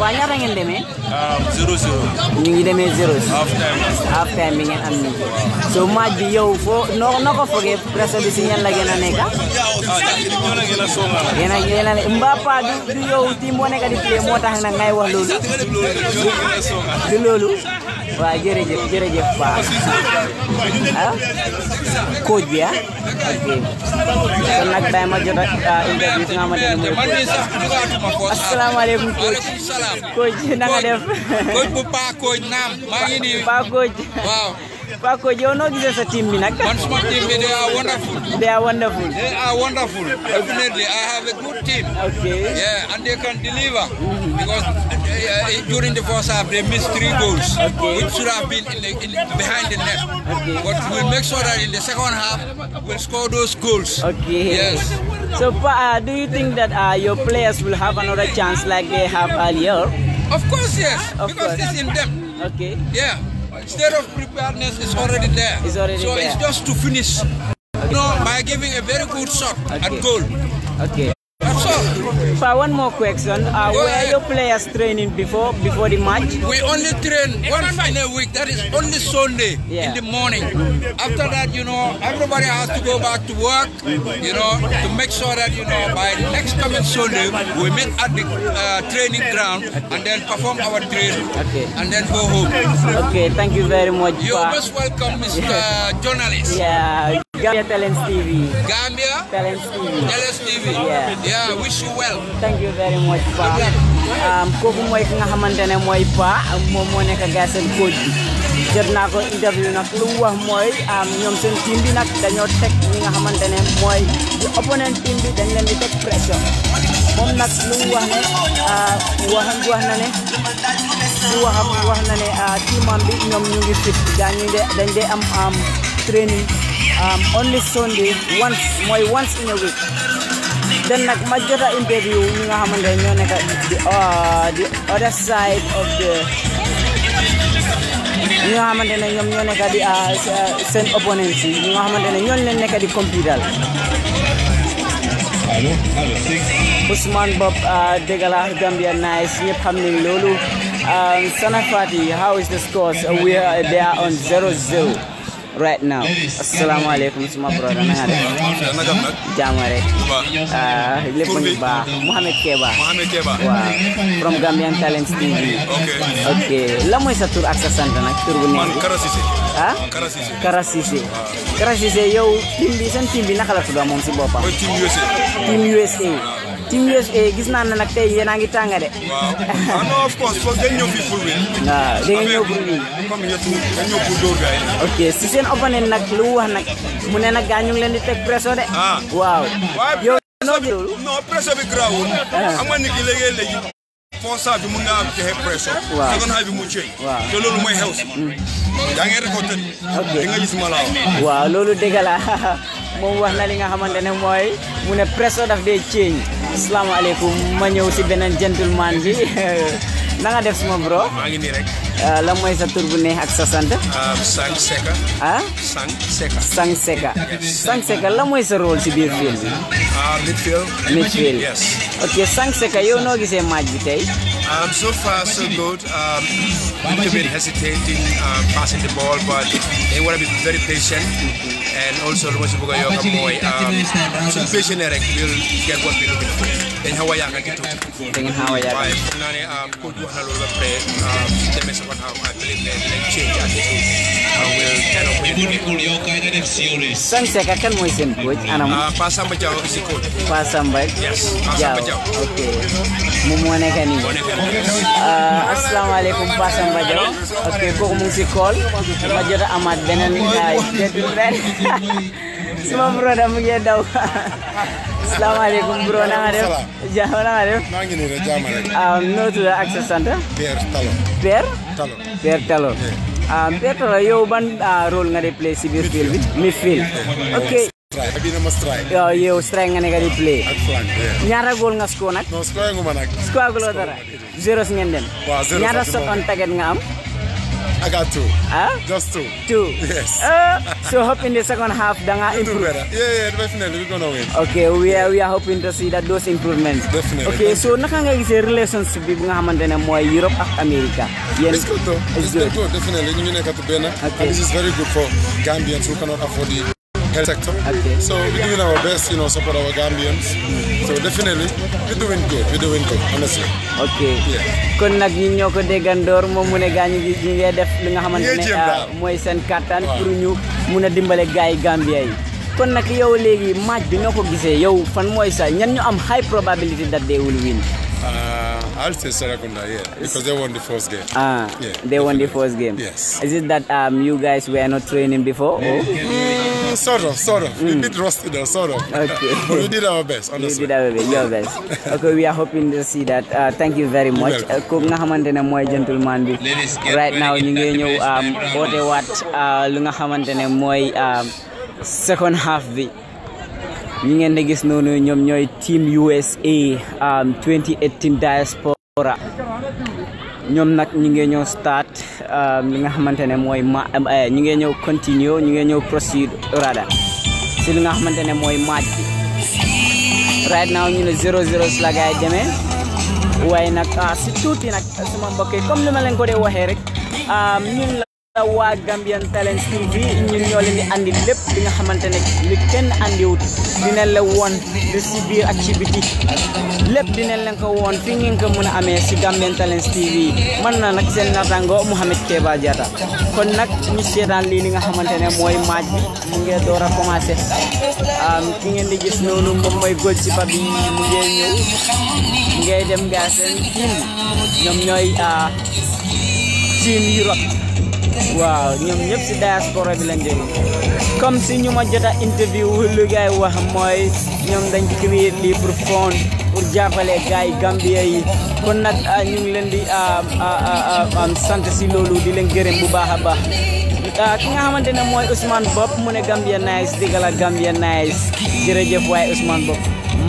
waa ñaata ngeen deme um, zero zero. ñu ngi demee zero zero. half time. half bi ngeen am ni so match bi yow foo noo noo ko fogee presse si ñan la gën a nekk. Ah, yéen a a mbaa paa du yow team boo nekk di play moo tax nag ngay wax loolu. du loolu. waa jërëjëf jërëjëf Paa ah coach ah? ok kon nag day a ah, interview nga xamante ne mooy coach asalaamaaleykum coach coach Paa coach naam Paa coach Paco, you know this is a team Minaka. One small team, they are wonderful. They are wonderful. They are wonderful. Definitely, I have a good team. Okay. Yeah, and they can deliver because eh, eh, during the first half they missed three goals, okay. which should have been in the, in, behind the net. Okay. But we'll make sure that in the second half we'll score those goals. Okay. Yes. So, uh, do you think that uh, your players will have another chance like they have earlier? Of course, yes. Of because course. it's in them. Okay. Yeah. state of preparedness is already there. It's already so there. it's just to finish. Okay. You know, by giving a very good shot okay. at goal. Okay. For one more question. Uh, were ahead. your players training before before the match? We only train one in a week. That is only Sunday yeah. in the morning. After that, you know, everybody has to go back to work. You know, to make sure that you know by next coming Sunday we meet at the uh, training ground and then perform our training. Okay. And then go home. Okay. Thank you very much. You're pa. most welcome, Mr. Journalist. Yeah. Gambia Talents TV. Gambia Talents TV. Talents TV. yeah. yeah. yeah wish you well. Um, kooku mooy ki nga xamante ne mooy Ba moom moo nekk gars seen coach bi. jot naa ko interview nag lu wax mooy um, ñoom seen team bi nag dañoo teg ñi nga xamante ne mooy di opponent team dañ leen di teg pression moom nag lu mu wax ne wax uh, wax wax na ne uh, teamam bi ñoom ñu ngi fit daañu de dañ de am um, training only Sunday once mooy once in a week. Then nagmagira interview nyo nga haman rin yun naka the, uh, the other side of the nyo nga haman rin yun yun naka the uh, ah, send opponents nyo nga haman rin yun yun naka the computer Usman Bob uh, ah, Degala Gambia Nice Nyep Hamling Lulu um, Sana how is the scores uh, we are, there on 0-0 right now assalamu alaikum suma brother na nga ah lépp ñu ba. Muhammad Keba Mohamed Keba waaw from Gambian talent TV Okay. Okay. la mooy sa tur ak sa nak tur bu nekk man ah Karasisi. Karasisi. Kara yo yow team tim bina kalau sudah mau si boppam team oh, USA Tim USA team USA eh, gis naa ne nag tey yéen a ngi tànga de. waaw ah, non of course foog ngeen ñëw ah, nag lu mu wax nag mu ne nag gaa ñu ngi leen di teg pression de. Ah. waaw. waaw noo bi grawul. responsable mën ngaa am joxe pression. second half bi mu cay. waaw te loolu mooy xew si. Mm. yaa ngi récolté. ok di nga gis malaw. waaw loolu dëgg la moom wax na li nga xamante ne gentleman bi. na nga def bro maa ngi nii rek eh, lan mooy sa bu neex ak sa eh, sang seka ah sang seka sang seka sang seka lan mooy sa rôle si biir film bi midfield midfield yes ok sang seka you know gisee match bi I'm Um, so far, so good. Um, a little bit hesitating um, passing the ball, but they want to be very patient. And also, Lumosi Bugayoka Moy, um, so patient, Eric, we'll get what we're looking for dañ hawa a yàgg gi tuuti dañ xaw a yàgg waaye xam naa ne ku wax na loolu ba pare demee second half I believe ne dinañ change attitude will ka kan mooy seen coach anam Pa Samba Diaw is the Pa Samba yes Pa Samba ok Pa Samba ok semua bro ada mugia daw. Assalamu alaikum bro nang ada. Jaho nang ada. Nang ini ada jama re. Um no to the access center. Ber talo. Ber? Talo. Biar talo. Iya. Um ber talo yo ban uh, role ngade play si midfield. Midfield. Iya. Okay. Abi nama strike. Yo yo strike ngane kali play. Iya. Nyara gol nga score nak. No score ngumana. Score gol dara. Zero ngenden. Nyara shot on target nga am. I got two. Huh? Just two. Two. Yes. Uh, so hoping the second half danga improve. Do Yeah, yeah, definitely we're gonna win. Okay, we are we are hoping to see that those improvements. Definitely. Okay, so naka nga gisee relations bi nga xamantene moy Europe ak America. it's good though. It's, it's good. good. Definitely. Okay. And this is very good for Gambians who cannot afford the health sector. Okay. So we're doing our best, you know, support our Gambians. Mm. So definitely, we're doing good. We're doing good, honestly. Okay. Yeah. kon nag ñun ñoo ko déggandoor moom mu ne gaañu gi ñu ngee def li nga xamante ne ah, mooy seen kattan pour ñu mun a dimbale gars yi Gambia yi kon nag yow léegi match bi noo ko gisee yow fan mooy sa ñan ñu am high probability that they will win I'll say Sarakunda, yeah, because they won the first game. Ah, yeah, they won the first game. Yes. Is it that um, you guys were not training before? Mm, mm, sort of, sort of. Mm. A bit rusty though, sort of. Okay. but we did our best, honestly. We did our best, your best. Okay, we are hoping to see that. Uh, thank you very much. Kooku nga xamante gentleman Right now ñu ngi um, what oote waat lu uh, nga xamante um, second half bi. ñi ngeen di gis noonu ñoom ñooy team USA 2018 um, diaspora ñoom nag ñu ngi ñëw start um, li nga xamante ne mooy ma um, eh, ñi ngi ñëw continue ñu ngi ñëw proceed rada si li nga xamante ne mooy match bi right now ñu ne zéro zéro si la gars yi waaye nag ah, si tuuti nag sama mbokk yi comme ni ma leen ko dee waxee rek wa Gambian Talent TV ñu ñoo leen di andi lepp li nga xamantene li kenn wut dina la won di si biir ak ci biti leen ko won fi ngeen ko mëna amé ci si Gambian Talent TV man na nak seen natango mohammed Keba jata kon nak ñu sétan li nga xamantene moy mooy maaj bi mu ngee door commencer am ki ngeen di gis nonu mom moy gol si fabi mu ngee ñew mu dem gasen ñom ñoy ah, team yu waaw ñoom ñëpp si diaspora bi lañ jëm comme si ñuma ma interview lu gaay wax mooy ñoom dañ créer lii pour fond pour jàppale gaay Gambia yi kon nag ñu ah, ngi leen di ah, ah, sant si loolu di leen gërëm bu baax a baax ki nga xamante ne mooy Ousmane Bopp mu ne Gambia nice dëgg Gambia nice jërëjëf waaye Ousmane Bopp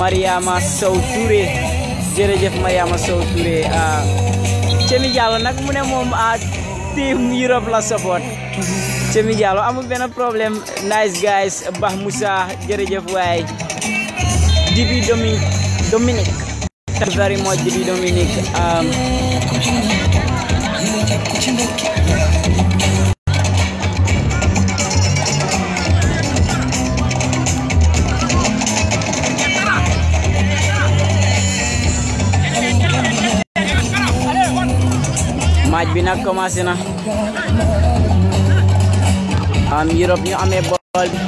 Mariama Sow Touré jërëjëf Mariama Sow Touré Cemi Diallo nag mu ne moom team Europe la support Semi Jallow amul benn problème nice guys Bah Moussa jërëjëf waay Dibi Domi Dominique thank you very much Dibi Dominique um, bi nag na am Europe ñu amee bool bi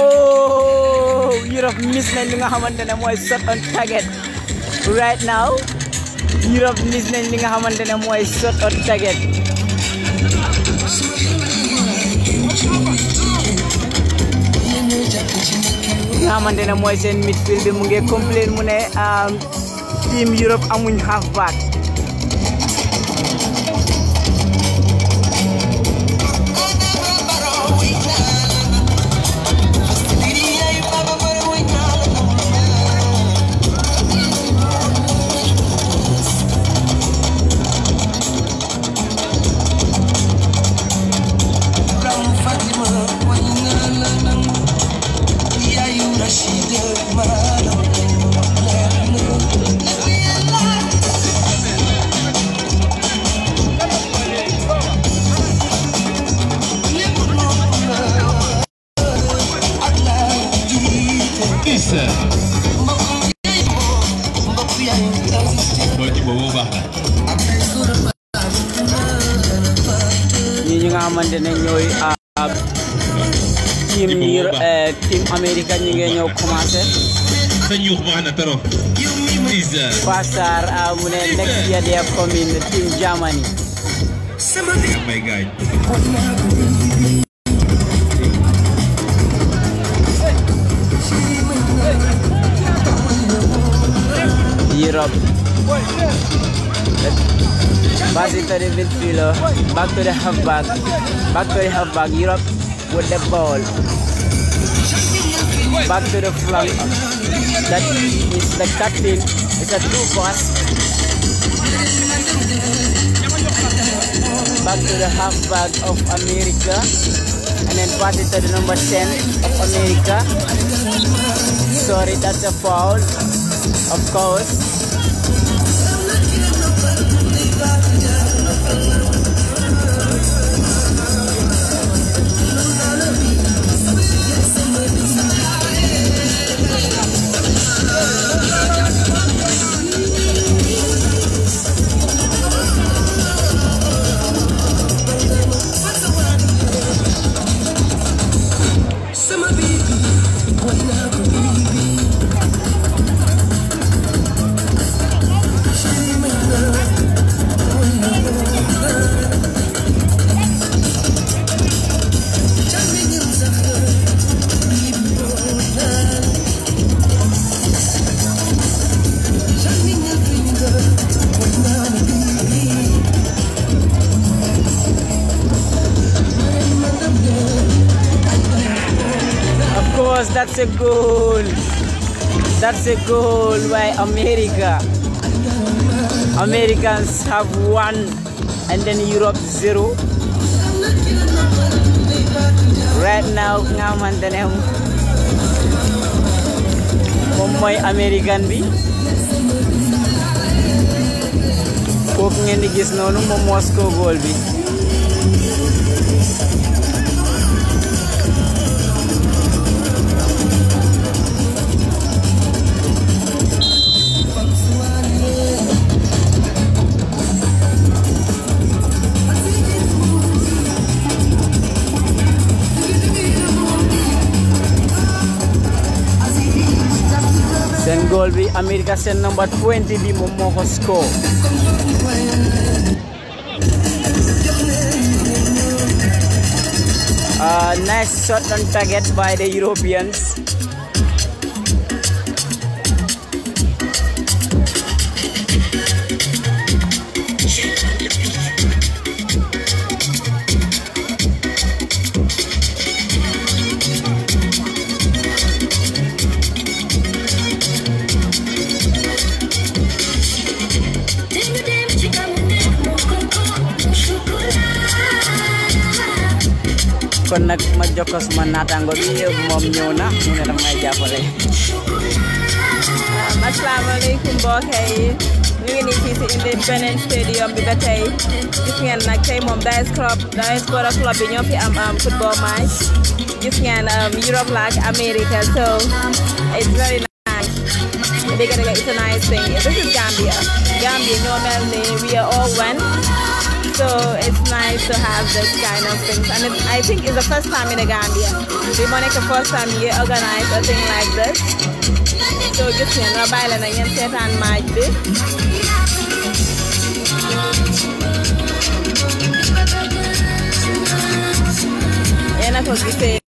oh Europe miss nañ li nga xamante ne mooy shot on target right now Europe miss nañ li nga xamante ne mooy shot on target nga xamante ne mooy seen midfield bi mu ngi complain mu ne euh, team Europe amuñ half back però. Pastor Amune next year they are coming in Germany. Oh my God. Europe. Pass it to the midfielder. Back to the halfback. Back to the halfback. Europe with the ball back to the flank. That is the captain. It's a two pass. Back to the halfback of America. And then pass it to the number 10 of America. Sorry, that's a foul. Of course. a goal. That's a goal by America. Americans have won, and then Europe zero. Right now, Ngaman Danem. Mumbai American bi. Kooku ngeen di gis noonu moom Moscow goal bi. goal bi America number 20 bi moom moo score? score uh, nice shot on target by the Europeans jokkoo suma naataango bi moom ñëw na mu ne daf may jàppale. asalaamaaleykum mbokk yi ñu ngi nii fii si Independence Stadium bi ba gis ngeen nag tey moom Dias Club Diaspora Club bi ñoo fi am football match gis ngeen um, Europe la America so it's very nice. dégg nga it's a nice thing this is Gambia Gambia we are all one. So it's nice to have this kind of things. And it, I think it's the first time in the Gambia. The Monica first time you organize a thing like this. So just you know, by and then set and match this. And I was saying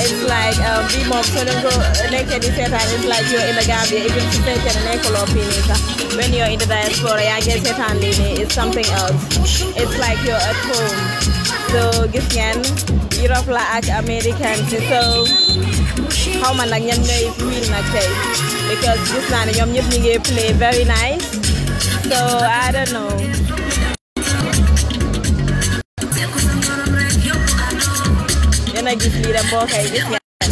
it's like um, uh, be more political fekkee di seetaan ne nekkuloo fii nii sax in the diaspora yaa ngi seetaan lii nii something else it's like you're at home so gis ngeen Europe la ak American si so xaw ma nag ñan ñooy wiin nag tey because gis naa ne ñoom ñëpp ñu ngi play very nice so I don't know yéen a gis lii de mbokk gis nga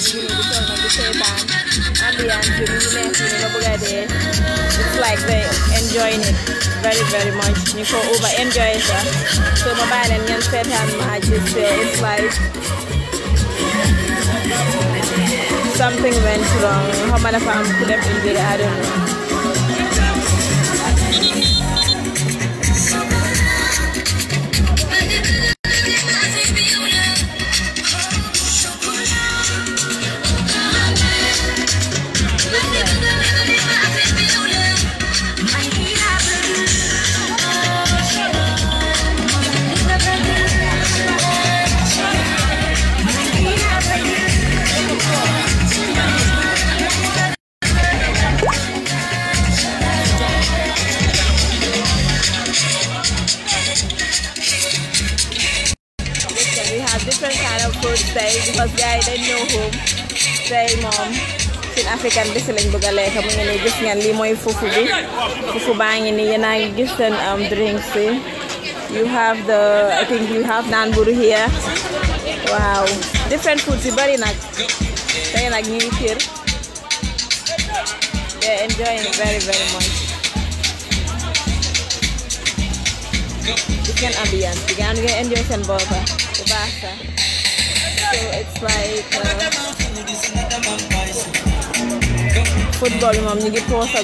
ñu ngi sol nag di seetaan ambiance bi mu ngi neex ñu nga bëgg a dee it's like they enjoying it very very much ñu ko over enjoy sax so ma bàyyi leen ngeen seetaan match bi it's like something went wrong xaw ma dafa am ku def injury I don't know because gars they know ñëw Say, mom, um, moom african bi si lañ bëgg a lekk mu ngi nii gis ngeen lii mooy fufu bi fufu baa ngi nii yéen a ngi gis seen um, drinks you have the I think you have naan here Wow, different foods yi bari nag tey nag ñu ngi kër they enjoying very very much gis ngeen ambiance bi gaan nga enjoy seen boppa bu baax sax so it's like uh, football mom You get poos a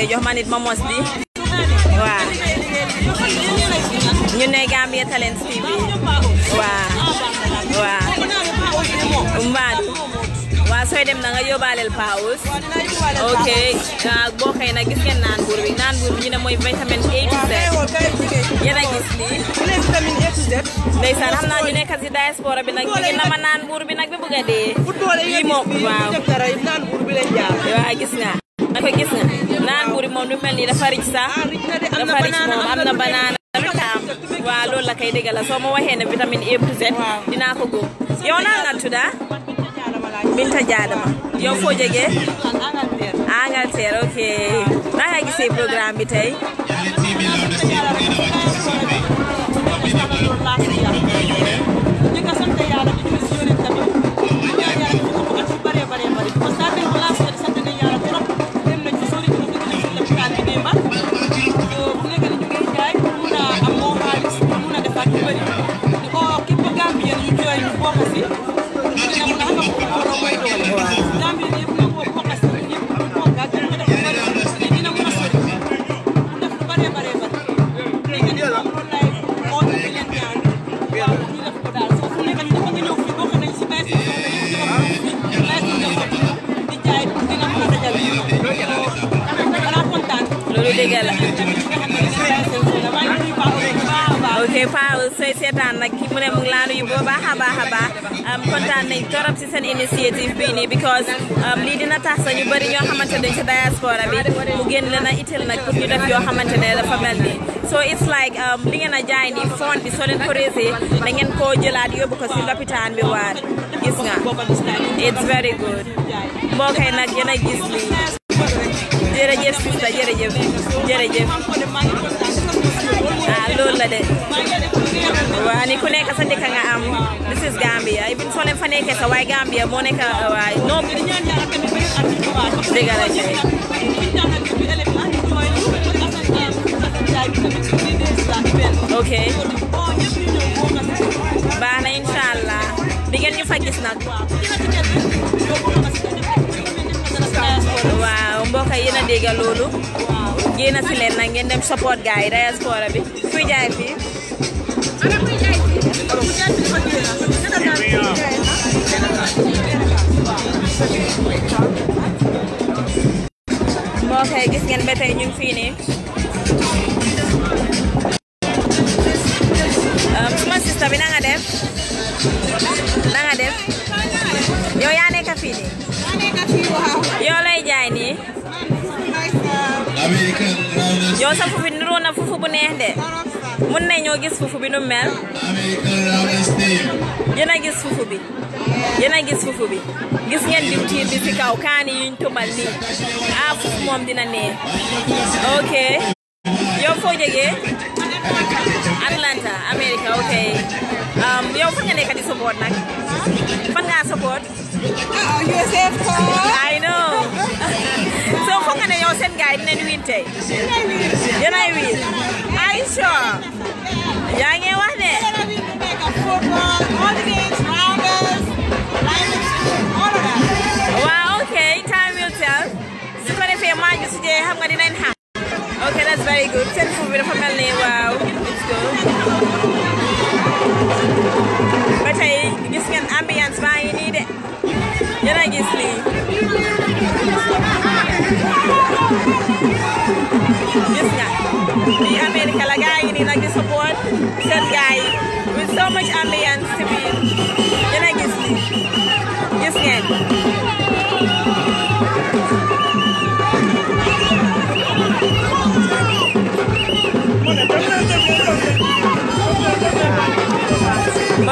fee jox ma nit ma mos di waaw ñu ne Gambian Talents TV waaw waaw mbaat waaw sooy dem na nga yóbbaaleel paawus ok boo na gis ngeen naan buur bi naan buur bi ñu ne mooy vitamine A to Z yéen gis lii ndeysaan xam naa ñu nekk si diaspora bi nag ñu nama naan buur bi nag bi bëgg dee lii moom waaw waaw gis nga nga ko gis nga moom lu mel ni dafa ric sax ah, dafa ric moom am na banaana waaw loolu la kay dëgg la soo ma waxee ne vitamine A to Z dinaa ko góob yow naa nga tudda Binta Jaadama yow foo jógee Angleterre ok naa nga gisee programme bi tey kontaan nag ki mu ne mu ngi laa nuyu bu baax a baax a baax kontaan nañ torop si seen initiative bii nii because lii dina tax sa ñu bëri ñoo xamante ne si diaspora bi mu génn leen a itteel nag pour ñu def yoo xamante ne dafa so it's like li ngeen a jaay nii fond bi soo leen ko ngeen koo jëlaat yóbbu ko si lopitaan bi waar gis nga it's very good mbokk nag yéen a gis lii jërëjëf sista jërëjëf ah loolu la de waaw ni ku nekk sa dëkk nga am this is Gambia even soo leen fa nekkee sa waaye Gambia moo nekk ah, waaye non dëgg la jëy ok baax na incha allah di ngeen ñu fa gis nag waaw mbokk yi yéen a dégg loolu génn si leen nag ngeen dem support gars yi diaspora bi kuy jaay fii. moo koy gis ngeen ba tey ñu fii nii. Um, suma sista bi na nga def na nga yaa nekk fii nii. yoo lay jaay nii. yow sa fufu niroo na fufu bu neex de mun nañoo gis fufu bi nu mel yéen gis fufu bi yéen gis fufu bi gis ngeen diwtiir bi ci kaw kaani yuñ tumal nii ah fufu moom dina neex ok yow foo jógee Atlanta America ok um, yow fan nga nekk di support nag fan nga support ah, USA of course ne yow seen gars yi dinañ win tey dinañ win wax de waaw ok time will tell su ko defee maa ngi si jee xam nga dinañ Okay, that's very good. Ten for bi dafa mel ni waaw it's good. hey, tey gis ngeen ambiance baa you need it? yéen a gis sleep. gis nga lii Amérique la gaa ngi nii nag di support seen gaa with so much ambiance ci biir yéen a gis lii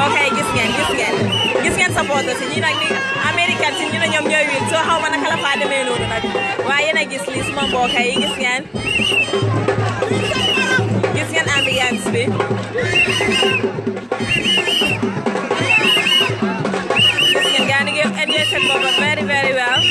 ok gis ngeen gis ngeen supporter si ni américain si ñoom ñooy wiin soo xaw ma naka la faa demee noonu nag waaye yéen a gis lii suma gis ngeen gis ngeen ambiance bi gis ngeen gaa ngi enjoy seen very very well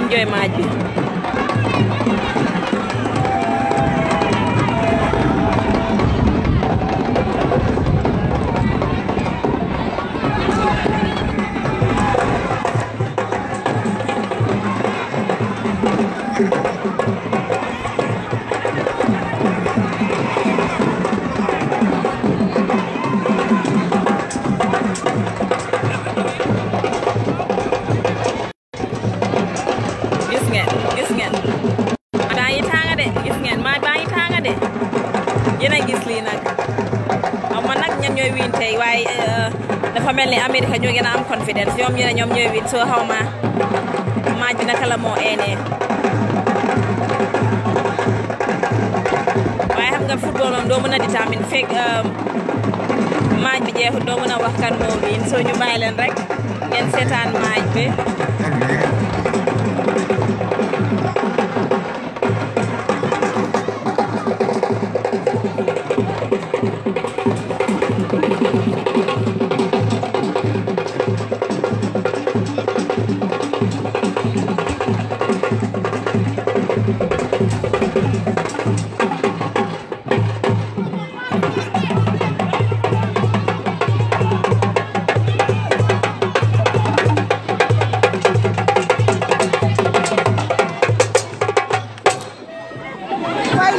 Endjoy Magic. ñoom ñu ne ñoom ñooy win soo xaw ma maaj bi naka la moo eenee waaye xam nga football moom doo mën a déterminer um, maaj bi jeexul doo mën wax kan moo win soo ñu bàyyi rek ngeen seetaan maaj bi.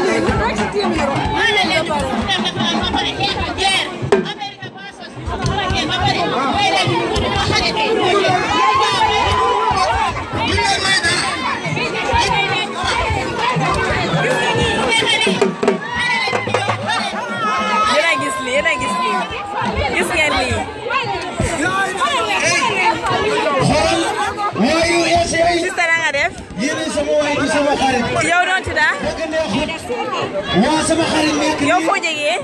America, di sama xarit. yow noo tudd ah. waaw sama xarit yow foo jógee.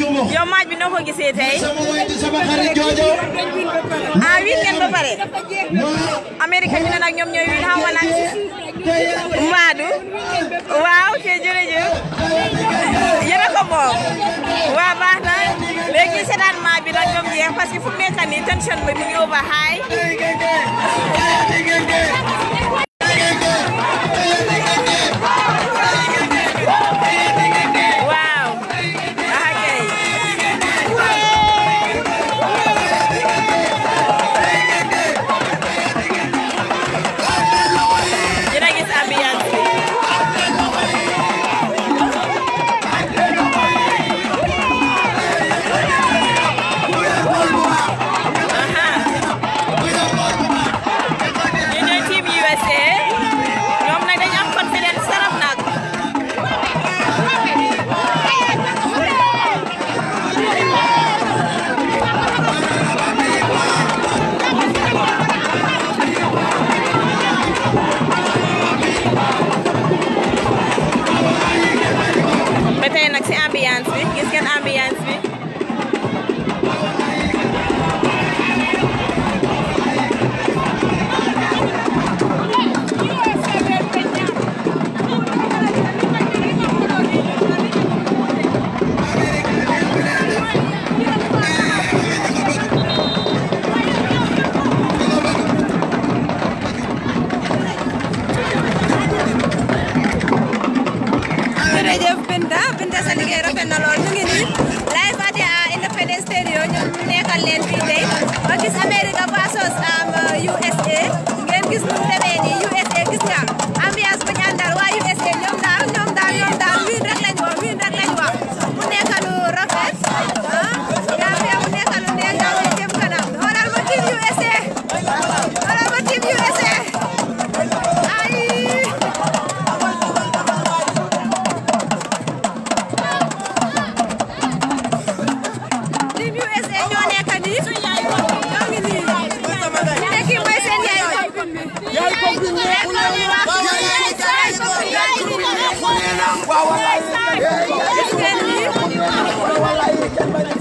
ku yow maaj bi noo ko gisee tey. Ah, nag ñoom ñooy win xaw ma nag. Madou waaw ok jërëjëf yéen a ko moom waaw baax na léegi séddalement bi nag ñoom jeex parce que fu mu nekk nii tension bi mi ngi over high.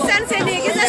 seen seen yi gis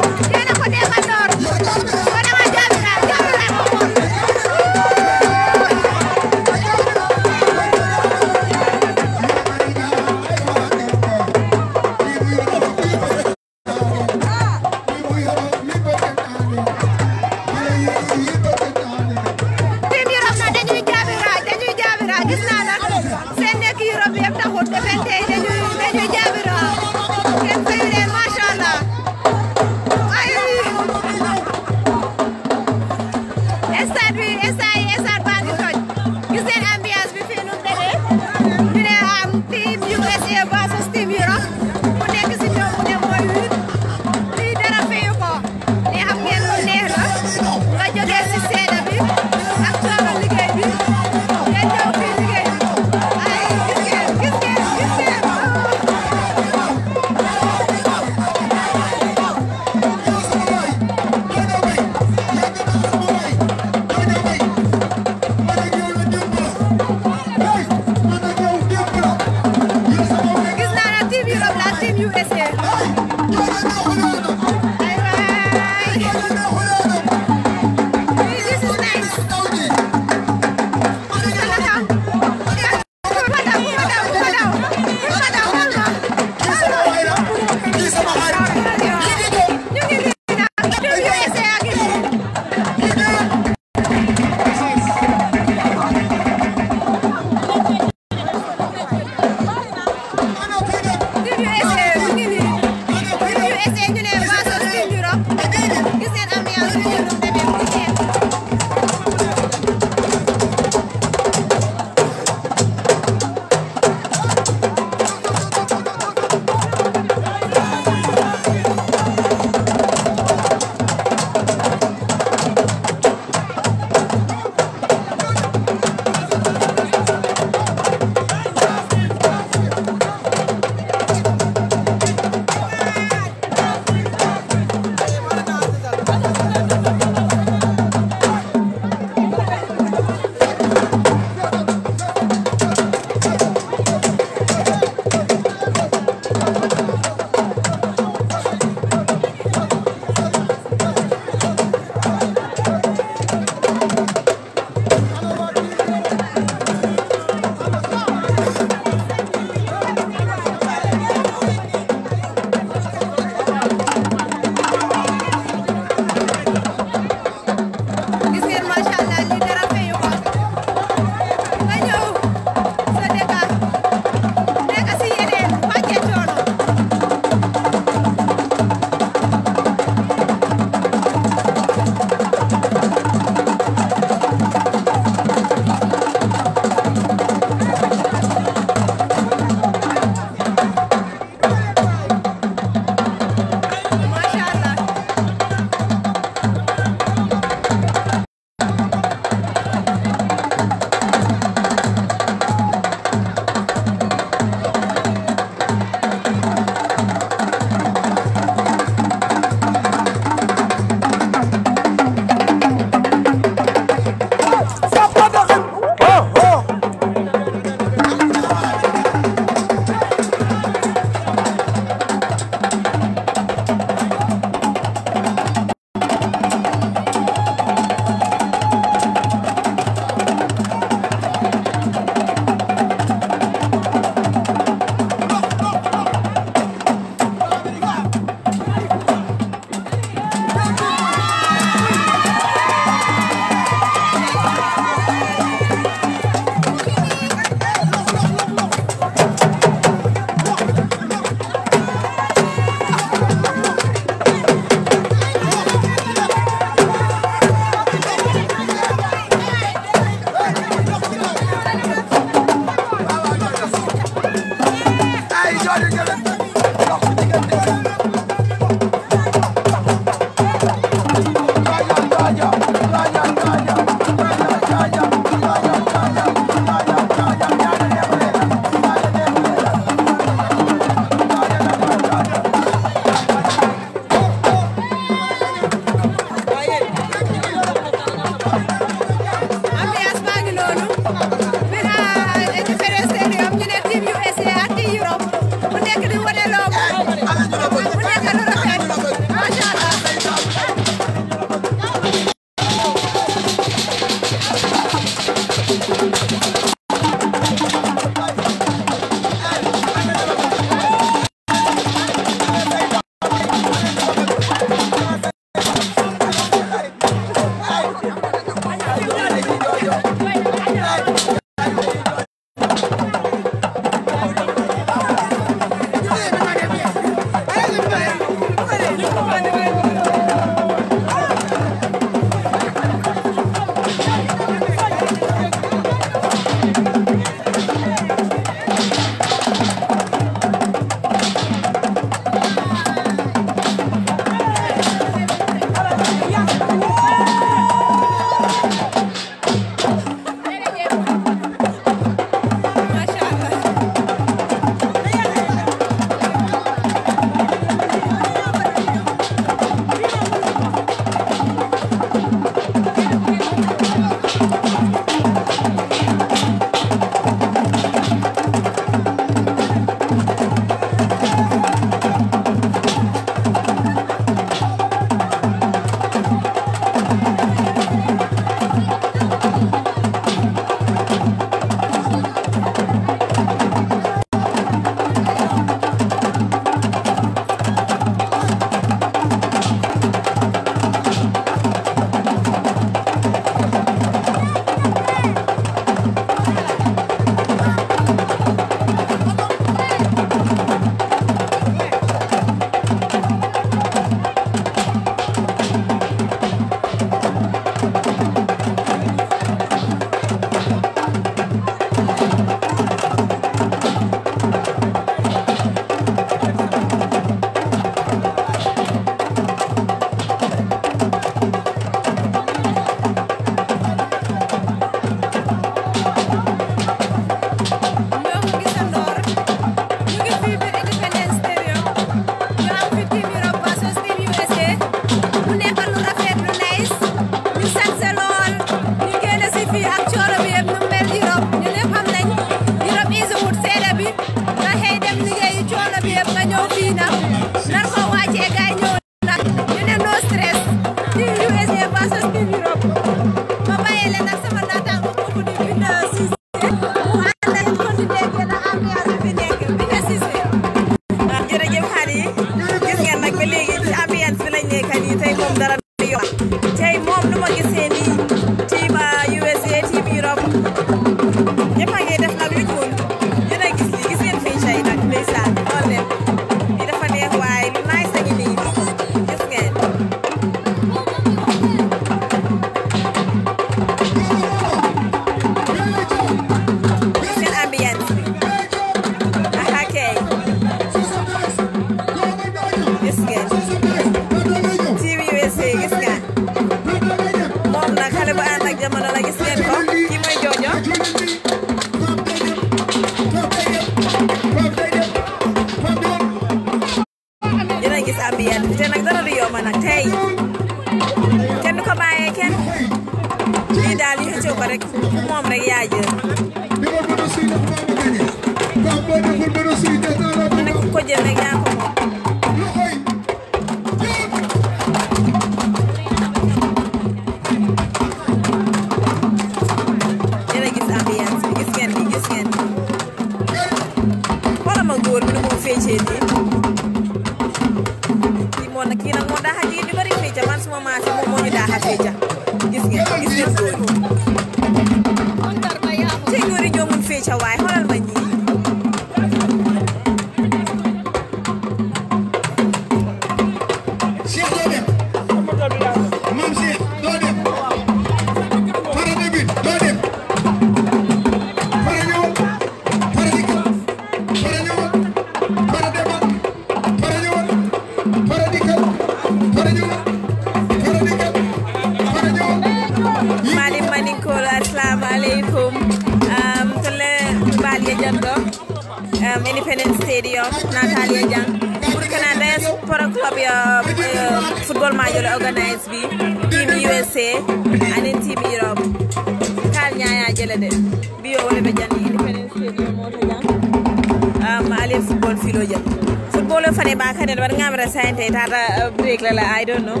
Kele, I don't know.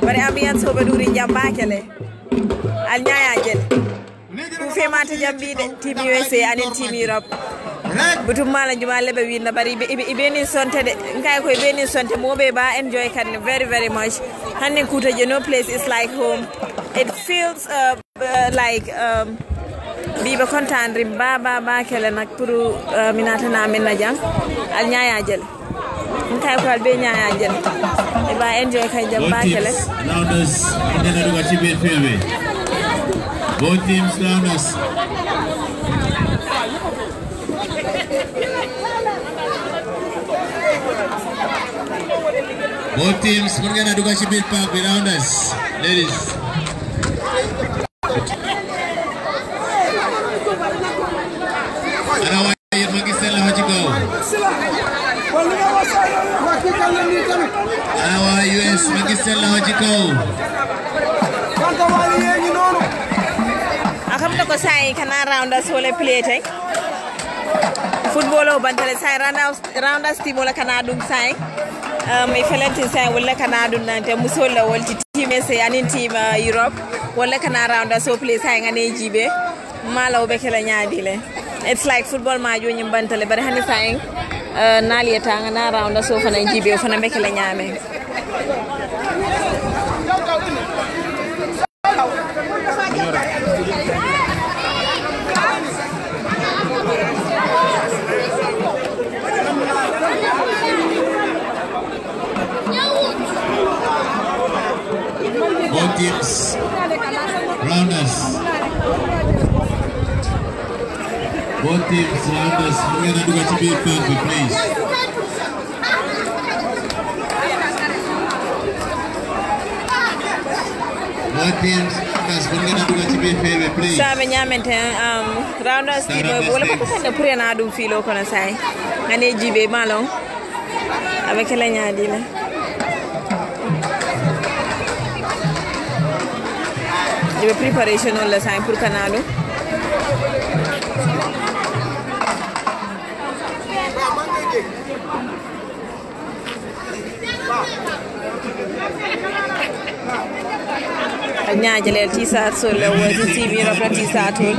But I'm here to be doing Jamba Kele. Al Nyaya Jel. Who fame out Team USA and in Team Europe. Butum mala juma lebe winna bari ibeni sonte de nkai ko ibeni sonte mobe ba enjoy kan very very much. Hande kuta you know place is like home. It feels uh, uh, like um, biba kontaan rim ba ba ba kele nak pour uh, minata na min na jang al nyaaya jël kay ko al be nyaaya jël ba enjoy kanjam ba kele loudness andena ɗum acci ɓen fewe both teams loudness both teams mun ngeen a dugg ci biir parc bi loudness ladies rounders wole plate eh? football o bantale sai rounders team wala kana ɗum sai mi um, felentin sai wala kana ɗum nante eh? musolla wolti team ese anin team uh, europe wala kana rounders o play sai ngane jiɓe eh? malaw ɓe kela ñaadile it's like football majoñim bantale bare hani sa en uh, naaliyetanga na rounders o fana jiɓe o fana ɓe kela ñaame All teams around us, we're going to do a TV further, please. All teams sa ɓe ñamete um, roundas ɗiɗo wala koko kande pour yana ɗum fiilo kono say ane jibe malon aɓe kela ñaadila ɓe préparation on la say pour kana ɗum ñaajalel ti satol wati timi rafrati satol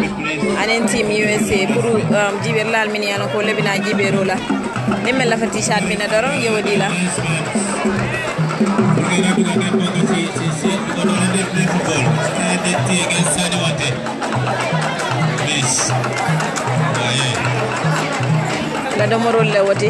anen timi usa pour um, jiɓer lalmini yalan ko lebina jiɓerola nin men lafa tichat mina doron yewoɗila la domorol le woti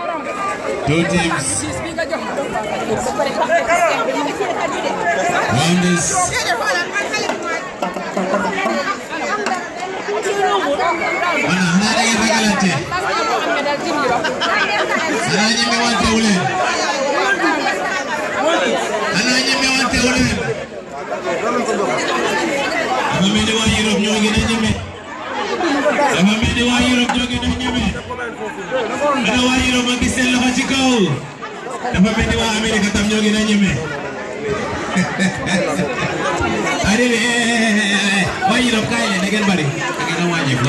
Two teams. One is. Voilà, naada yi ragalante. Ana ñeme wante wu leen. Ana ñeme wante wu leen. Dama mel ni waa Europe ñoo gën a ñeme. Dama mel ni waa Europe ñoo gën a ñeme. ayo, waɗino maɓɓi sello hacci kaw dafa mel ni waa Amérique tam ñoo ngi na ñeme aɗene wañino kayle ne ngeen bari da ngeen a wàññi ko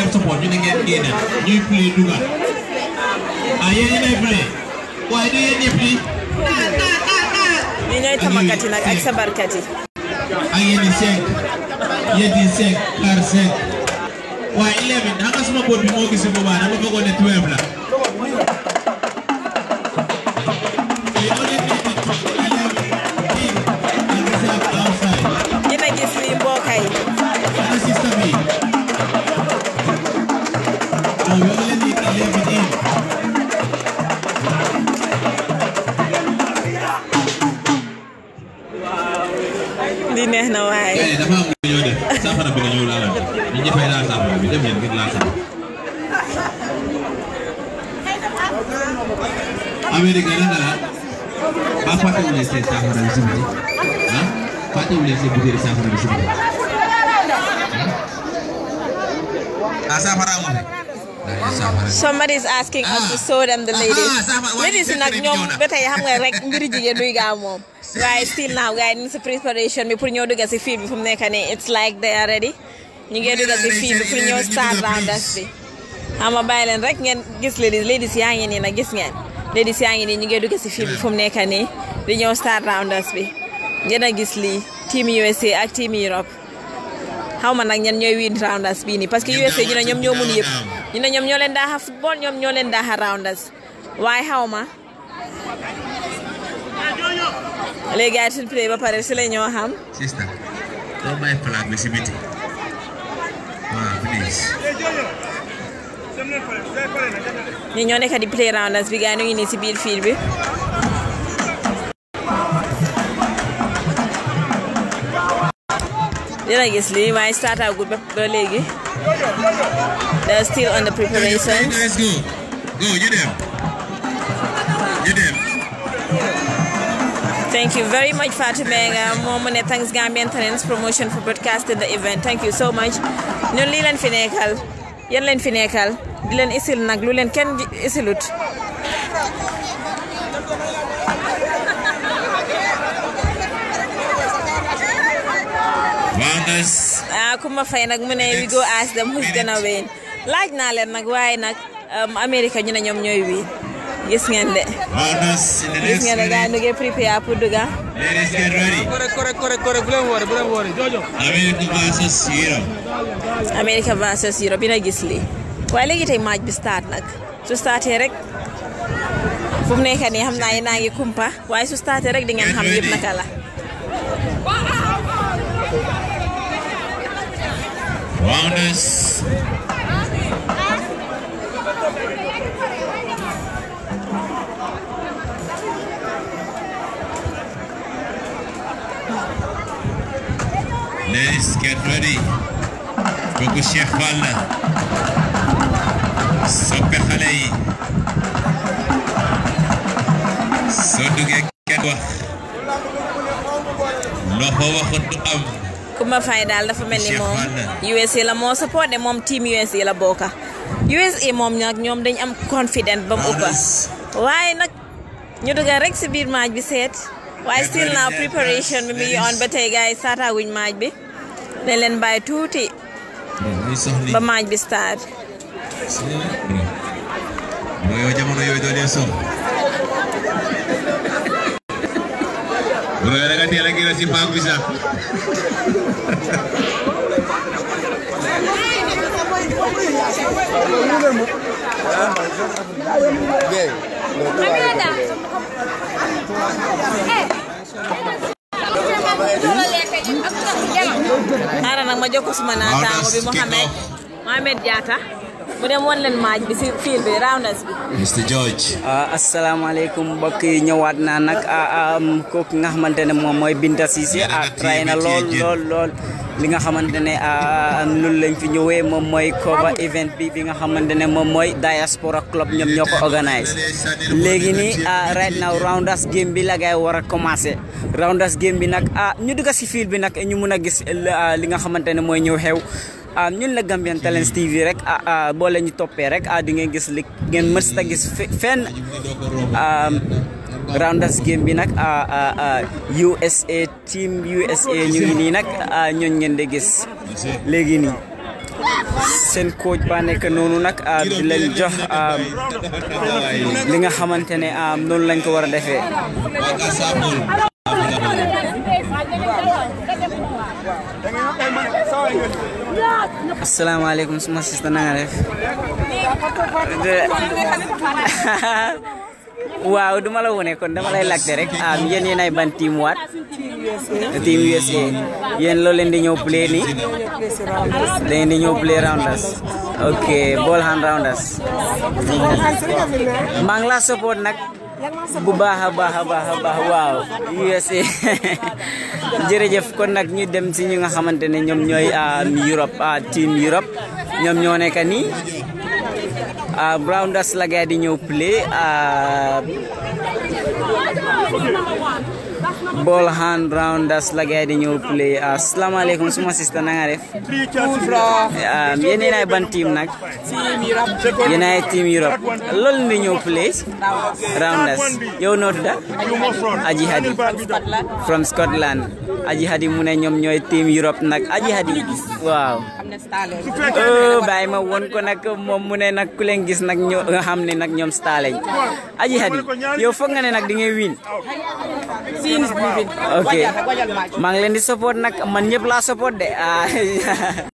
ay support ñu ne ngeen génna play duga a yéen yéenay play waaye du yéen ñëpp yi ñu ñooy tamakat yi nag ak di cinq yéen di cinq par cinq waaye 11 xam nga suma bopp bi moo gis bu baax dama foogoon ne 12 la. yéen a gis lii mbokk yi a nah, ya, Somebody is asking ah. us to ah. show them the ah, ladies. Ladies ladies nak ñom betay xam nga like mbiri jigen and ga mom. Right still now guys kan, ni preparation we put ñoo dugg film bi fu it's like they are ready. get ngi film bi start round us bi. I'm a len ladies ladies yaa ngi ni na ladies yaa ngi nii ñu ngi dugg si fu mu nekk nii di ñëw star rounders bi ngeen a gis lii team USA ak team Europe xaw ma nag ñan ñooy win rounders bii nii parce que USA ñu ñoo mun yëpp ñu ne ñoom ñoo leen daaxa football ñoom ñoo leen daaxa rounders waaye xaw ma léegi ay tuuti play ba pare si la ñoo xam. ñi ñoo nekk di playground bi gaa ñu nii ci biir fiil bi dina gis lii waaye start agul ba léegi they're still on the preparation let's go dem Thank you very much, Fatimega. Momone, thanks Gambian Talents Promotion for broadcasting the event. Thank you so much. Nulilan Finekal. yéen leen fi nekkal di leen isil nag lu leen kenn isilut ah ku ma fay nag mu ne we go ask them who's gonna win laaj naa leen nag waaye nag um, America ñu ne ñoom ñooy win gis ngeen de. gis ngeen de gars yi ñu ngi prépare pour gis lii. waaye léegi tey match bi start nag su rek fu mu ni nii xam naa yéen ngi kumpa waaye su startee rek di ngeen xam yëpp naka la. Ladies, get ready. yi. soo duggee kenn wax. loxo waxut du am. Coumba Faye daal dafa mel ni moom USA la moo supporté moom team USA la bokka USA moom ñoom dañ am confident ba mu ëpp waaye nag ñu dugg rek si biir match bi seet. Why still now préparation we mu on ba tey gars yi saataaguñ might be, dañ leen bàyyi tuuti ba might be start Yeah. ara nak ma jokko suma naataango bi Mohamed Mohamed mu dem woon maaj bi si fil bi rounders bi. Mr George. Ah, asalaamaaleykum mbokk yi ñëwaat naa nag ah, kooku nga xamante ne moom mooy Binta Cissé ah traité na lool lool lool. li nga xamante ne ah, loolu lañ fi ñëwee moom mooy cover event bi bi nga xamante ne moom mooy diaspora club ñoom ñoo ko organise léegi ni a now rounders game bi la gaay war a commencé rounders game bi nag ah ñu dugg si fiil bi nag ñu mun a gis li nga xamante ne mooy ñëw xew. Ah, ñun la Gambian Talents rek ah, ah, boo ñu toppee rek di ngeen gis li ngeen mës a gis fenn rounders game bi nag USA team USA ñu nii nag ñooñ ngeen di gis léegi nii seen coach ba nekk noonu nag di jox li nga xamante ne noonu lañ ko war a defee asalaamaaleykum suma sista na def waaw du la wone kon dama lay laajte rek ah yéen yéenay ban team waat team USA yéen loolu leen di ñëw play nii leen di ñëw play rounders ok ball hand rounders maa ngi support nag bu baax a baax a baax waaw USA jërëjëf kon nag ñu dem si ñi nga xamante ne ñoom ñooy ah, Europe ah, team Europe ñoom ñoo nekk nii ah, Brown di ñëw play ball hand round das lagi di new play Assalamualaikum semua sister na nga def yene nay ban team nak team europe yene team europe lol ni new play round das yow aji hadi from scotland aji hadi mune ñom ñoy team europe nak aji hadi Wow. oh bay ma won ko nak mom mune nak ku len gis nak nga xamne nak ñom stalé aji hadi yow fo nga ne nak di ngay win Oke. Okay. Mang Lendi support nak menyebelah support deh. Ah, iya.